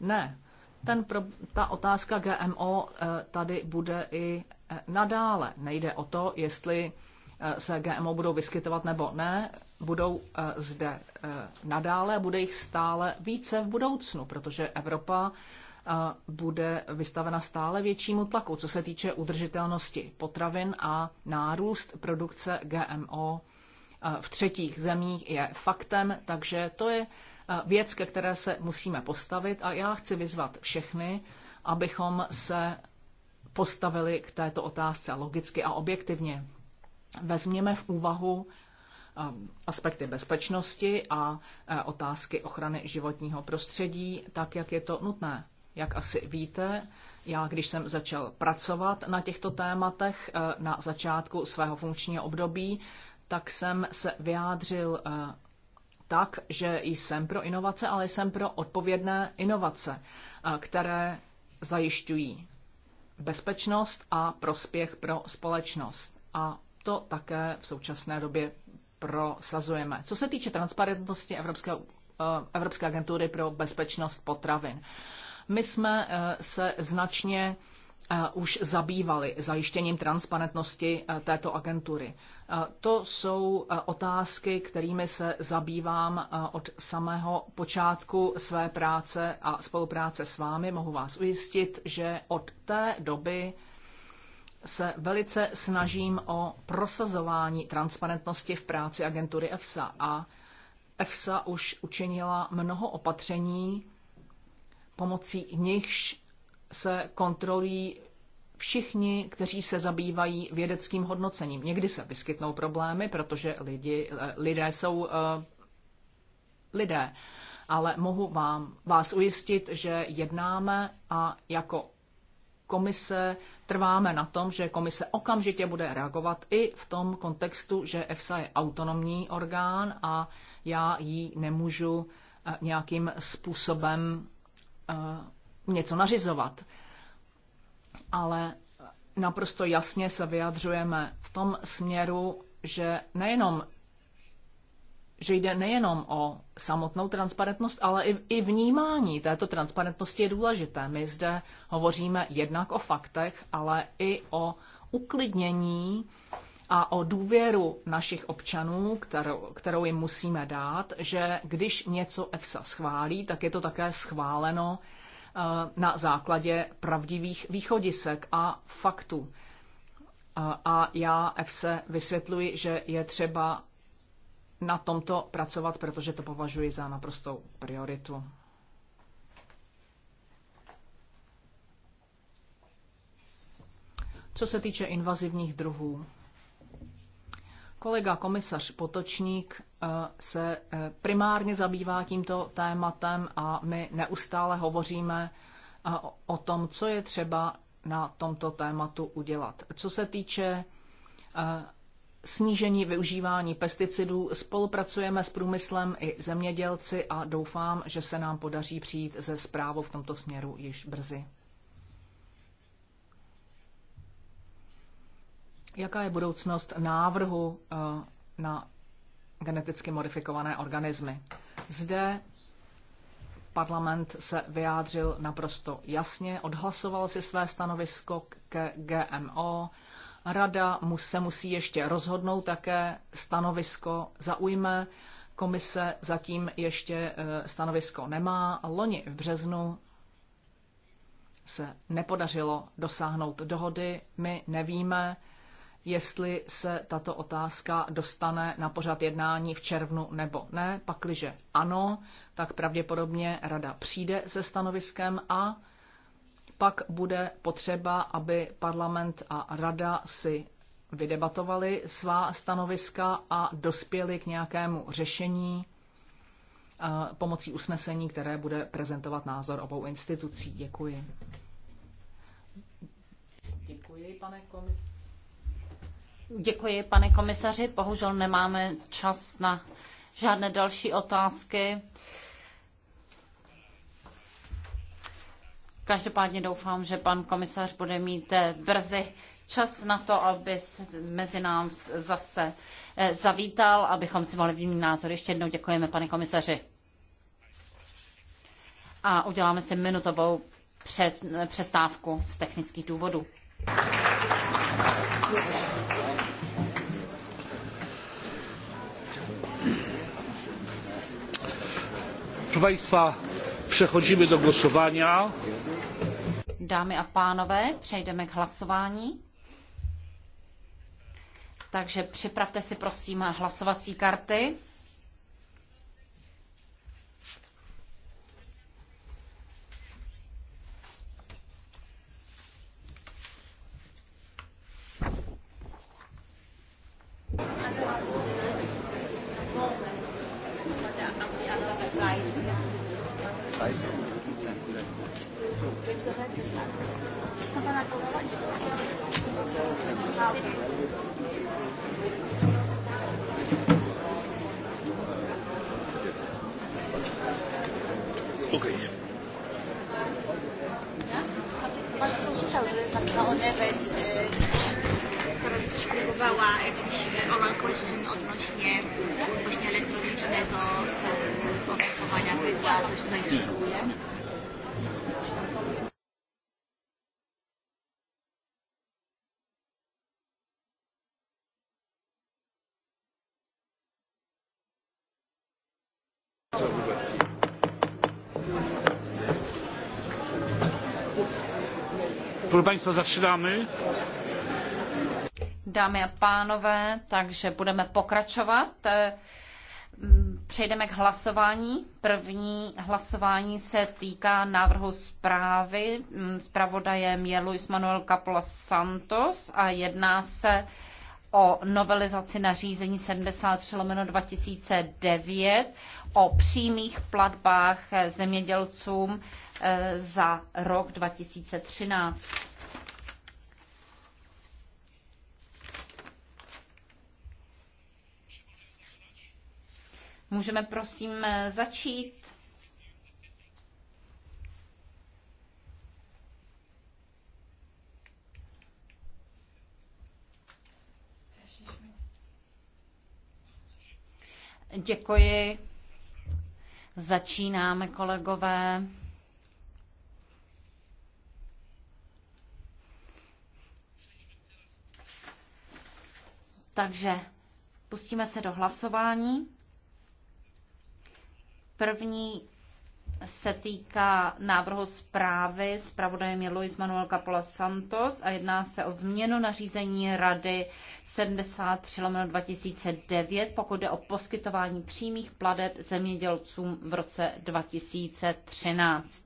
ne. Ten pro, ta otázka GMO eh, tady bude i eh, nadále. Nejde o to, jestli eh, se GMO budou vyskytovat nebo ne, budou zde nadále, bude jich stále více v budoucnu, protože Evropa bude vystavena stále většímu tlaku, co se týče udržitelnosti potravin a nárůst produkce GMO v třetích zemích je faktem, takže to je věc, ke které se musíme postavit a já chci vyzvat všechny, abychom se postavili k této otázce logicky a objektivně. Vezměme v úvahu aspekty bezpečnosti a otázky ochrany životního prostředí, tak jak je to nutné. Jak asi víte, já když jsem začal pracovat na těchto tématech na začátku svého funkčního období, tak jsem se vyjádřil eh, tak, že jsem pro inovace, ale jsem pro odpovědné inovace, eh, které zajišťují bezpečnost a prospěch pro společnost. A to také v současné době prosazujeme. Co se týče transparentnosti Evropské, eh, Evropské agentury pro bezpečnost potravin, my jsme se značně Eh, už zabývali zajištěním transparentnosti eh, této agentury. Eh, to jsou otázky, kterými se zabývám od samého počátku své práce a spolupráce s vámi. Mohu vás ujistit, že od té doby se velice snažím o prosazování transparentnosti v práci agentury EFSA a EFSA už učinila mnoho opatření, pomocí nichž se kontrolují všichni, kteří se zabývají vědeckým hodnocením. Někdy se vyskytnou problémy, protože lidi, lidé jsou eh, lidé. Ale mohu vám, vás ujistit, že jednáme a jako komise trváme na tom, že komise okamžitě bude reagovat i v tom kontextu, že EFSA je autonomní orgán a já ji nemůžu eh, nějakým způsobem eh, něco nařizovat ale naprosto jasně se vyjadřujeme v tom směru, že nejenom že jde nejenom o samotnou transparentnost, ale i, i vnímání této transparentnosti je důležité. My zde hovoříme jednak o faktech, ale i o uklidnění a o důvěru našich občanů, kterou, kterou jim musíme dát, že když něco EFSA schválí, tak je to také schváleno Eh, na základě pravdivých východisek a faktů. Eh, a já EFSE vysvětluji, že je třeba na tomto pracovat, protože to považuji za naprostou prioritu. Co se týče invazivních druhů, kolega komisař Potočník Eh, se eh, primárně zabývá tímto tématem a my neustále hovoříme eh, o tom, co je třeba na tomto tématu udělat. Co se týče snížení využívání pesticidů, spolupracujeme s průmyslem i zemědělci a doufám, že se nám podaří přijít ze zprávou v tomto směru již brzy. Jaká je budoucnost návrhu na geneticky modifikované organismy. Zde parlament se vyjádřil naprosto jasně, odhlasoval si své stanovisko ke GMO. Rada mu se musí ještě rozhodnout, také stanovisko zaujme. Komise zatím ještě e, stanovisko nemá. Loni v březnu se nepodařilo dosáhnout dohody. My nevíme, jestli se tato otázka dostane na pořad jednání v červnu nebo ne. Pakliže ano, tak pravděpodobně rada přijde se stanoviskem a pak bude potřeba, aby parlament a rada si vydebatovali svá stanoviska a dospěli k nějakému řešení eh, pomocí usnesení, které bude prezentovat názor obou institucí. Děkuji. Děkuji, pane komisaři. Děkuji, pane komisaři. Bohužel nemáme čas na žádné další otázky. Každopádně doufám, že pan komisař bude mít eh, brzy čas na to, aby mezi nám zase eh, zavítal, abychom si mohli vyměnit názor. Ještě jednou děkujeme, pane komisaři. A uděláme si minutovou přestávku z technických důvodů. Proszę Państwa, do głosowania. Dámy a pánové, přejdeme k hlasování. Takže připravte si prosím hlasovací karty. Proszę Państwa, zaczynamy. Dámy a pánové, takže budeme pokračovat. E, přejdeme k hlasování. První hlasování se týká návrhu zprávy. Mm, zpravodajem je Luis Manuel Capola Santos a jedná se o novelizaci nařízení 73 lomeno 2009 o přímých platbách zemědělcům za rok 2013. Můžeme prosím začít. Děkuji. Začínáme, kolegové. Takže pustíme se do hlasování. První se týká návrhu zprávy. Zpravodajem je Luis Manuel Capola Santos a jedná se o změnu nařízení Rady 73 2009, pokud jde o poskytování přímých pladeb zemědělcům v roce 2013.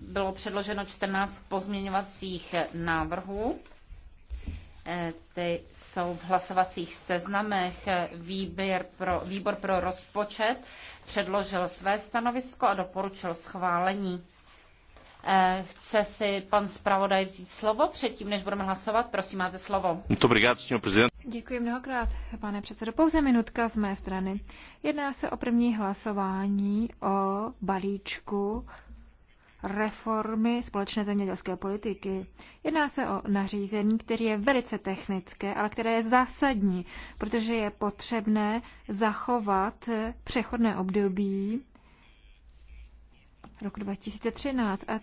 Bylo předloženo 14 pozměňovacích návrhů. E, ty jsou v hlasovacích seznamech. Výběr pro, výbor pro rozpočet předložil své stanovisko a doporučil schválení. E, chce si pan zpravodaj vzít slovo předtím, než budeme hlasovat? Prosím, máte slovo. Děkuji mnohokrát, pane předsedo. Pouze minutka z mé strany. Jedná se o první hlasování o balíčku reformy společné zemědělské politiky. Jedná se o nařízení, které je velice technické, ale které je zásadní, protože je potřebné zachovat přechodné období roku 2013. A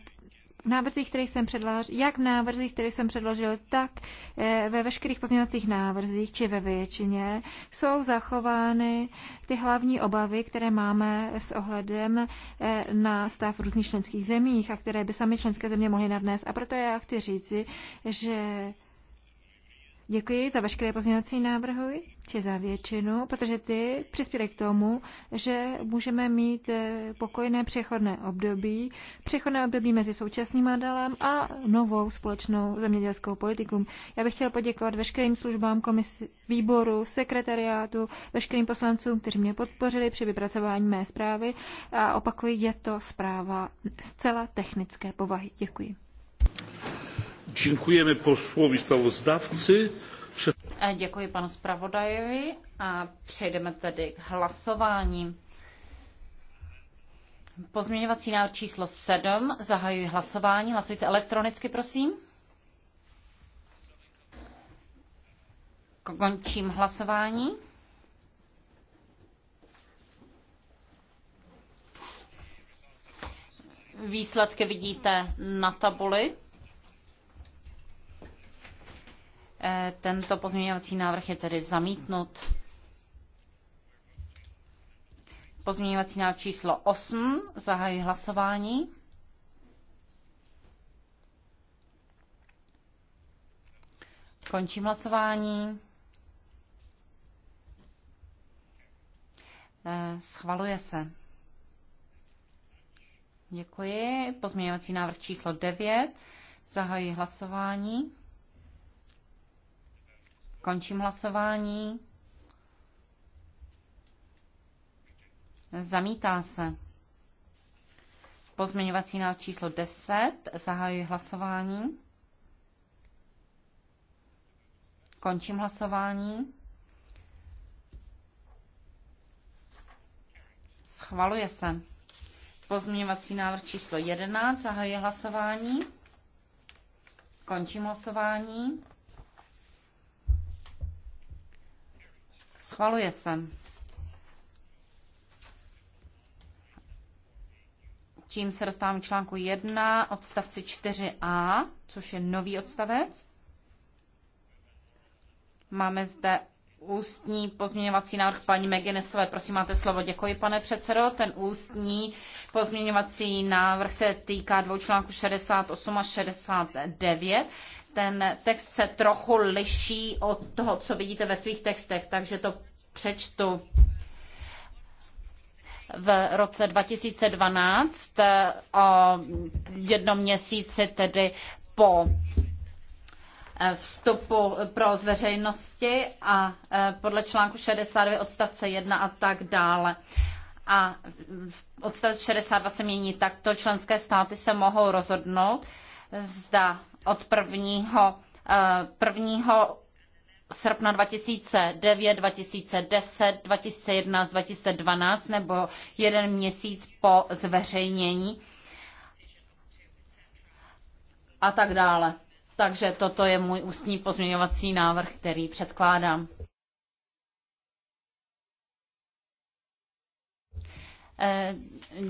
návrzích, které jsem předložil, jak v návrzích, které jsem předložil, tak eh, ve veškerých pozměňovacích návrzích, či ve většině, jsou zachovány ty hlavní obavy, které máme s ohledem eh, na stav v různých členských zemích a které by sami členské země mohly nadnést. A proto já chci říci, že Děkuji za veškeré pozměňovací návrhy, či za většinu, protože ty přispěly k tomu, že můžeme mít eh, pokojné přechodné období, přechodné období mezi současným modelem a novou společnou zemědělskou politikou. Já bych chtěl poděkovat veškerým službám komisi, výboru, sekretariátu, veškerým poslancům, kteří mě podpořili při vypracování mé zprávy a opakuji, je to zpráva zcela technické povahy. Děkuji. Dziękujemy posłowi sprawozdawcy. Eh, děkuji panu zpravodajovi a přejdeme tedy k hlasování. Pozměňovací návrh číslo 7. Zahajuji hlasování. Hlasujte elektronicky, prosím. Končím hlasování. Výsledky vidíte na tabuli. Eh, tento pozměňovací návrh je tedy zamítnut. Pozměňovací návrh číslo 8. Zahajuji hlasování. Končím hlasování. Eh, schvaluje se. Děkuji. Pozměňovací návrh číslo 9. Zahajuji hlasování. Končím hlasování. Zamítá se. Pozměňovací návrh číslo 10. Zahajuji hlasování. Končím hlasování. Schvaluje se. Pozměňovací návrh číslo 11. Zahajuji hlasování. Končím hlasování. Schvaluje se. Čím se dostávám k článku 1, odstavci 4a, což je nový odstavec. Máme zde ústní pozměňovací návrh paní Meginesové. Prosím, máte slovo. Děkuji, pane předsedo. Ten ústní pozměňovací návrh se týká dvou článků 68 a 69. Ten text se trochu liší od toho, co vidíte ve svých textech, takže to přečtu. V roce 2012 eh, o jednom měsíci tedy po Eh, vstupu eh, pro zveřejnosti a eh, podle článku 62 odstavce 1 a tak dále. A odstavec 62 se mění takto. Členské státy se mohou rozhodnout, zda od 1. 1. srpna 2009, 2010, 2011, 2012 nebo jeden měsíc po zveřejnění a tak dále. Takže toto je můj ústní pozměňovací návrh, který předkládám. Eh,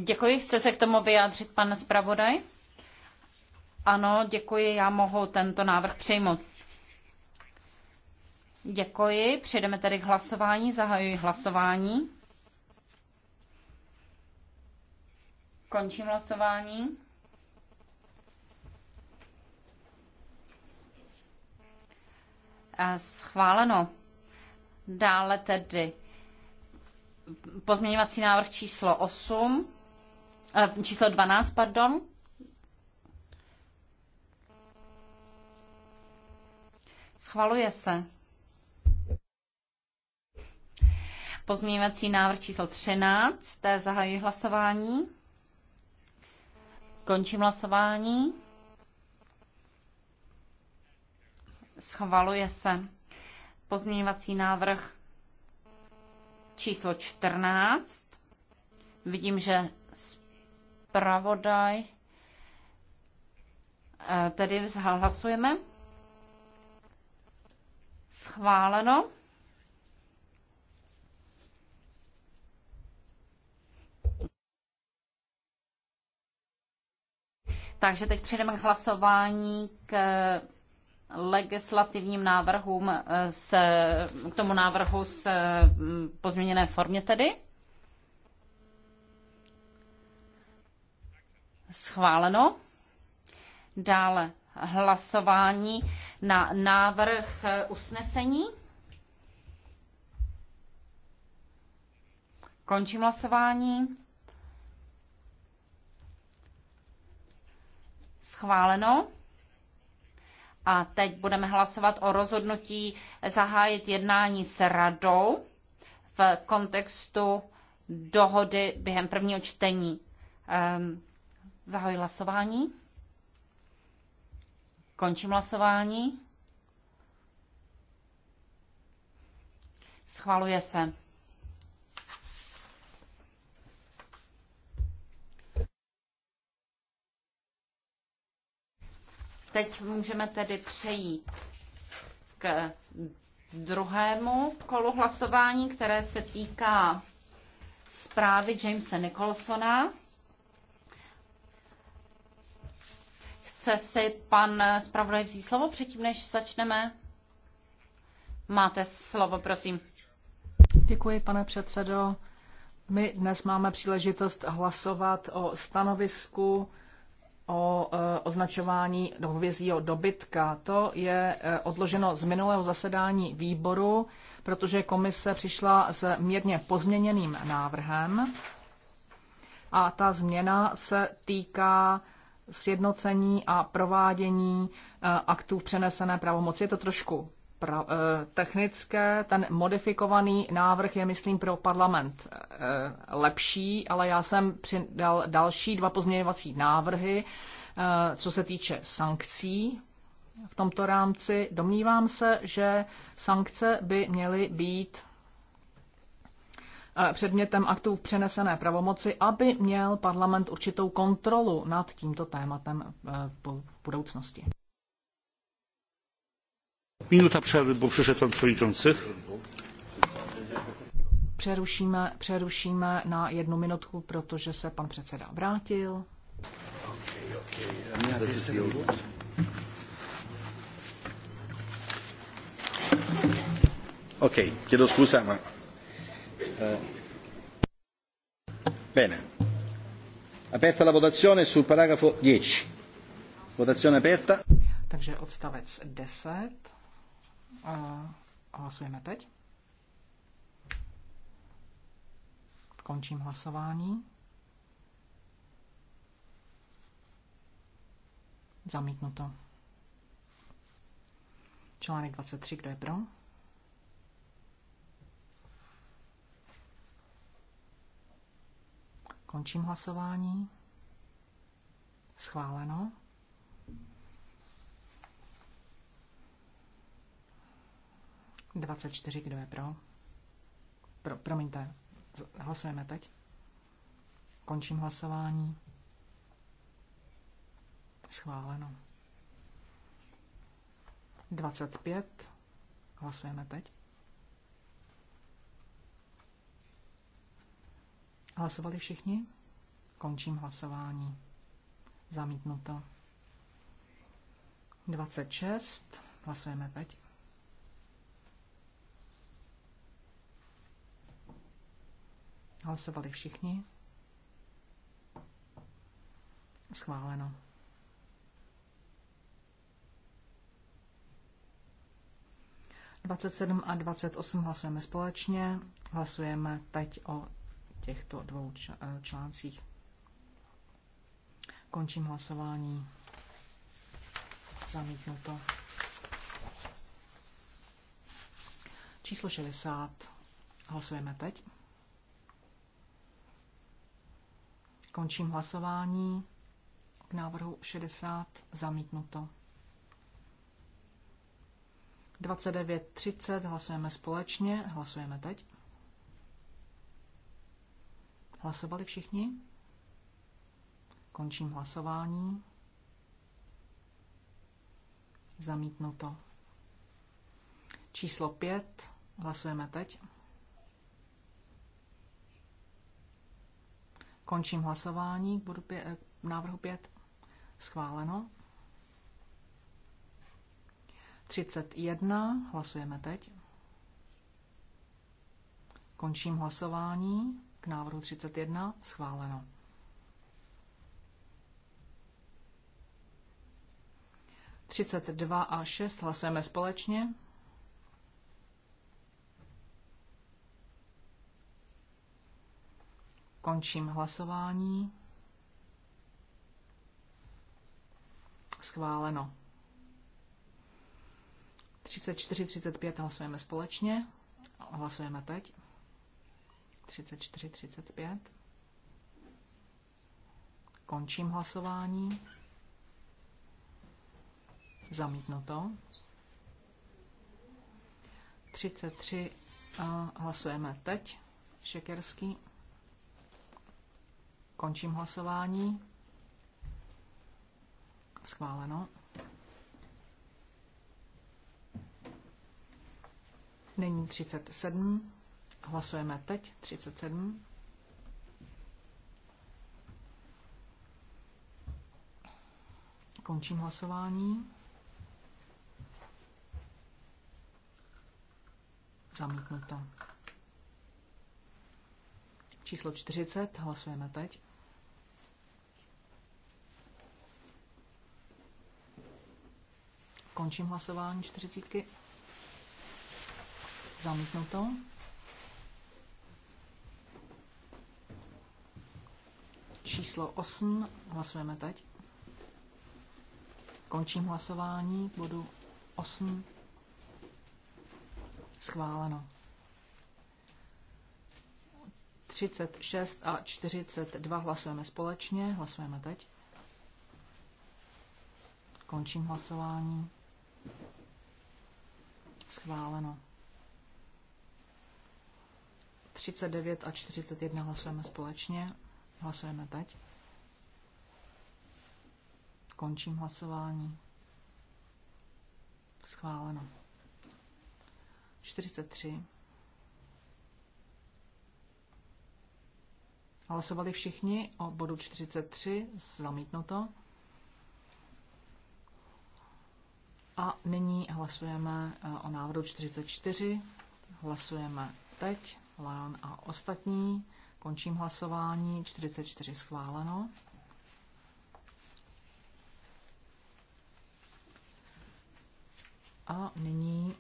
děkuji. Chce se k tomu vyjádřit pan zpravodaj? Ano, děkuji. Já mohu tento návrh přijmout. Děkuji. Přejdeme tedy k hlasování. Zahajuji hlasování. Končím hlasování. Eh, schváleno. Dále tedy pozměňovací návrh číslo 8, eh, číslo 12, pardon. Schvaluje se. Pozměňovací návrh číslo 13, to je zahajuji hlasování. Končím hlasování. Schvaluje se pozměňovací návrh číslo 14. Vidím, že zpravodaj eh, tedy hlasujeme. Schváleno. Takže teď přejdeme k hlasování k legislativním návrhům, eh, s, k tomu návrhu s eh, pozměněné formě tedy? Schváleno. Dále hlasování na návrh eh, usnesení. Končím hlasování. Schváleno. A teď budeme hlasovat o rozhodnutí zahájit jednání s radou v kontextu dohody během prvního čtení. Um, hlasování. Končím hlasování. Schvaluje se. Teď můžeme tedy přejít k druhému kolu hlasování, které se týká zprávy Jamesa Nicholsona. Chce si pan zpravodaj vzít slovo předtím, než začneme? Máte slovo, prosím. Děkuji, pane předsedo. My dnes máme příležitost hlasovat o stanovisku o e, označování hovězího dobytka. To je e, odloženo z minulého zasedání výboru, protože komise přišla s mírně pozměněným návrhem a ta změna se týká sjednocení a provádění e, aktů v přenesené pravomoci. Je to trošku pra, eh, technické. Ten modifikovaný návrh je, myslím, pro parlament eh, lepší, ale já jsem přidal další dva pozměňovací návrhy, eh, co se týče sankcí v tomto rámci. Domnívám se, že sankce by měly být předmětem aktů v přenesené pravomoci, aby měl parlament určitou kontrolu nad tímto tématem v budoucnosti. Minuta přerwy, bo pan Přerušíme, přerušíme na jednu minutku, protože se pan předseda vrátil. ok, chiedo scusa, ma... Eh, bene. Aperta la votazione sul paragrafo 10. Votazione aperta. Takže odstavec 10. Hlasujeme teď. Končím hlasování. Zamítnuto. Článek 23, kdo je pro? Končím hlasování. Schváleno. 24, kdo je pro? pro promiňte, hlasujeme teď. Končím hlasování. Schváleno. 25. Hlasujeme teď. Hlasovali všichni? Končím hlasování. Zamítnuto. 26. Hlasujeme teď. Hlasovali všichni. Schváleno. Dvacet sedm a dvacet osm hlasujeme společně. Hlasujeme teď o těchto dvou eh, článcích. Končím hlasování. Zamítnuto. Číslo 60. Hlasujeme teď. Končím hlasování. K návrhu 60 zamítnuto. 29.30 hlasujeme společně. Hlasujeme teď. Hlasovali všichni? Končím hlasování. Zamítnuto. Číslo 5. Hlasujeme teď. Končím hlasování k, bodu pě- k eh, návrhu 5. Schváleno. 31. Hlasujeme teď. Končím hlasování k návrhu 31. Schváleno. 32 a 6 hlasujeme společně. Končím hlasování. Schváleno. 34, 35 hlasujeme společně. Hlasujeme teď. 34, 35. Končím hlasování. Zamítnuto. 33 eh, hlasujeme teď. Šekerský. Končím hlasování. Schváleno. Není 37. Hlasujeme teď 37. Končím hlasování. Zamítnuto. Číslo 40. Hlasujeme teď. Končím hlasování čtyřicítky. Zamítnuto. Číslo 8. Hlasujeme teď. Končím hlasování k bodu 8. Schváleno. 36 a 42 hlasujeme společně. Hlasujeme teď. Končím hlasování. Schváleno. 39 a 41 hlasujeme společně. Hlasujeme teď. Končím hlasování. Schváleno. 43. Hlasovali všichni o bodu 43, zamítnuto. A nyní hlasujeme eh, o návrhu 44. Hlasujeme teď. Leon a ostatní. Končím hlasování. 44 schváleno. A nyní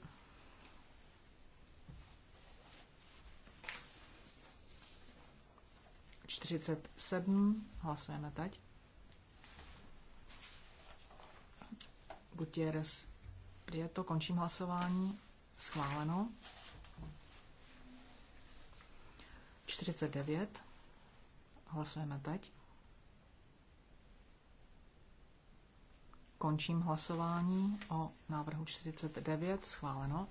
čtyřicet sedm. Hlasujeme teď. Gutierrez Prieto. Končím hlasování. Schváleno. 49. Hlasujeme teď. Končím hlasování o návrhu 49. Schváleno.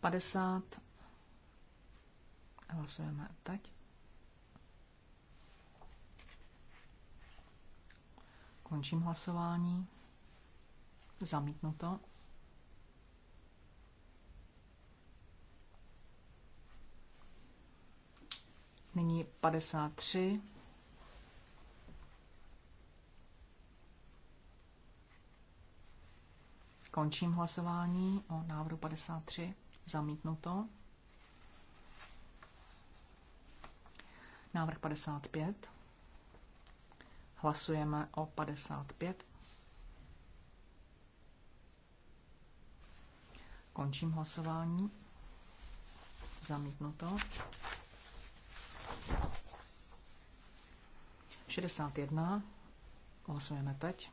Padesát. Hlasujeme teď. Končím hlasování. Zamítnuto. Nyní 53. Končím hlasování o návrhu 53. Zamítnuto. Návrh 55. Hlasujeme o 55. Končím hlasování. Zamítnuto. 61. Hlasujeme teď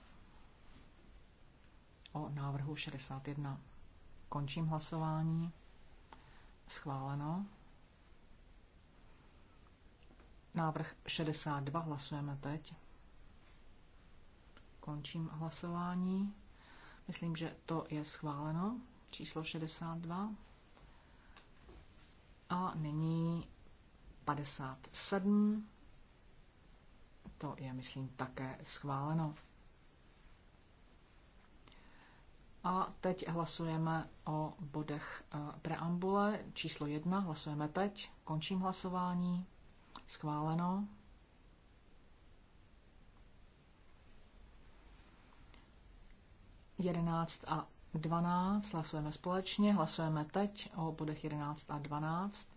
o návrhu 61. Končím hlasování. Schváleno. Návrh 62 hlasujeme teď. Končím hlasování. Myslím, že to je schváleno. Číslo 62. A nyní 57. To je, myslím, také schváleno. A teď hlasujeme o bodech eh, preambule číslo 1. Hlasujeme teď. Končím hlasování. Schváleno. 11 a 12 hlasujeme společně, hlasujeme teď o bodech 11 a 12.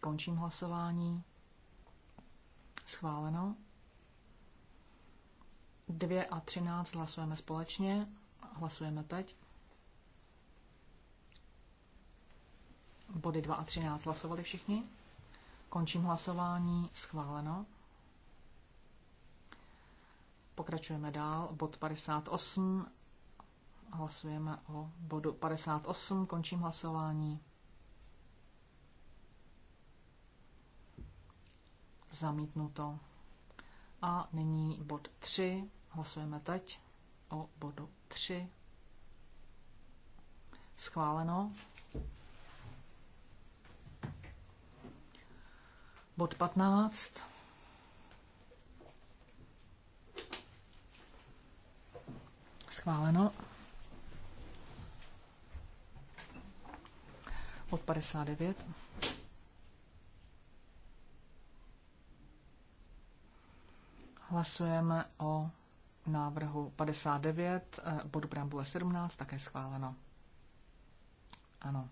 Končím hlasování. Schváleno. 2 a 13 hlasujeme společně, hlasujeme teď. Body 2 a 13 hlasovali všichni. Končím hlasování. Schváleno. Pokračujeme dál. Bod 58. Hlasujeme o bodu 58. Končím hlasování. Zamítnuto. A nyní bod 3. Hlasujeme teď o bodu 3. Schváleno. Bod 15. Schváleno. od 59. Hlasujeme o návrhu 59, bodu preambule 17, také schváleno. Ano.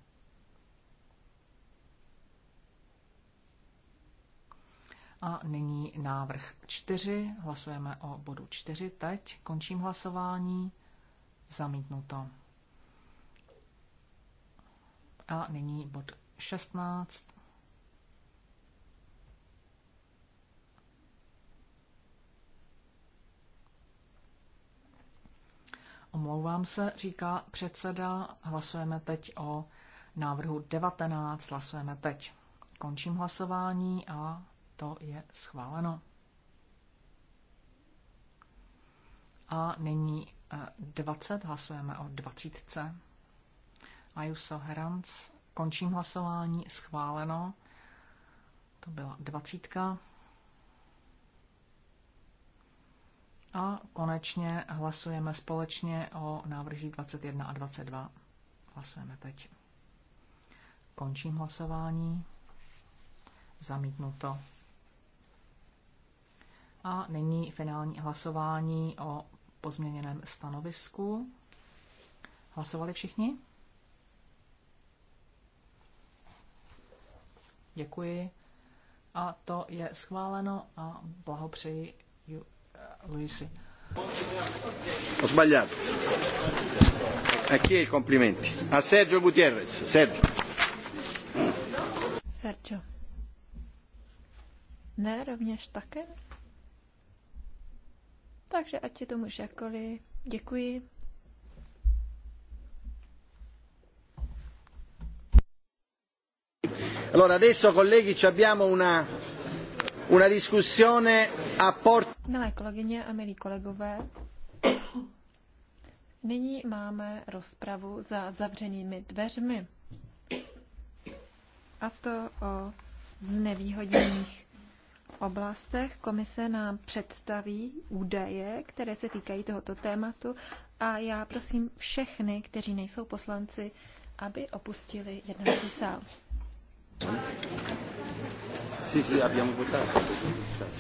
A nyní návrh 4. Hlasujeme o bodu 4 teď. Končím hlasování. Zamítnuto. A nyní bod 16. Omlouvám se, říká předseda. Hlasujeme teď o návrhu 19. Hlasujeme teď. Končím hlasování a to je schváleno. A nyní 20. Eh, Hlasujeme o 20. Ajuso Heranc. Končím hlasování. Schváleno. To byla dvacítka. A konečně hlasujeme společně o návrzích 21 a 22. Hlasujeme teď. Končím hlasování. Zamítnuto. A nyní finální hlasování o pozměněném stanovisku. Hlasovali všichni? Děkuji. A to je schváleno a blahopřeji eh, Luisi. Ho sbagliato. A chi i complimenti? A Sergio Gutierrez. Sergio. Sergio. Ne, rovněž také. Takže ať ti to už jakkoliv. Děkuji. Allora adesso colleghi abbiamo una, una discussione a porta. Milé kolegyně a milí kolegové, nyní máme rozpravu za zavřenými dveřmi. A to o znevýhodněných oblastech. Komise nám představí údaje, které se týkají tohoto tématu a já prosím všechny, kteří nejsou poslanci, aby opustili jednací sál. Sì, sì, abbiamo votato.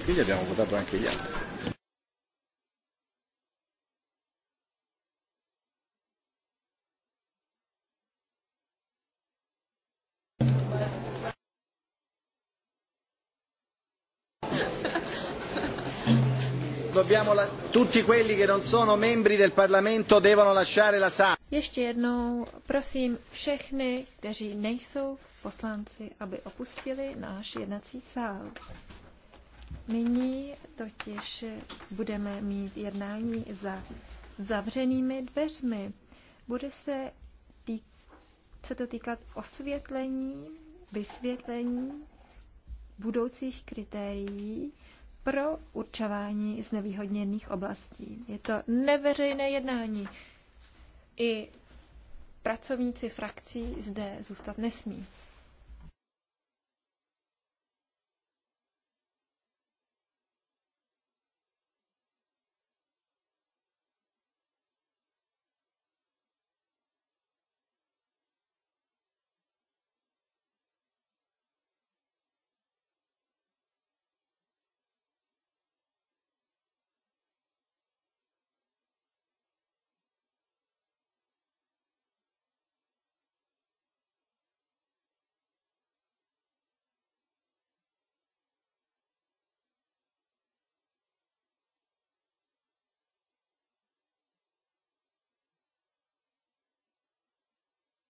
Quindi abbiamo votato anche gli altri. Dobbiamo la... Tutti quelli che non sono membri del Parlamento devono lasciare la sala. Ještě jednou, prosím všechny, kteří nejsou v poslanci, aby opustili náš jednací sál. Nyní totiž budeme mít jednání za zavřenými dveřmi. Bude se, týk, se to týkat osvětlení, vysvětlení budoucích kritérií pro určování znevýhodněných oblastí. Je to neveřejné jednání. I pracovníci frakcí zde zůstat nesmí.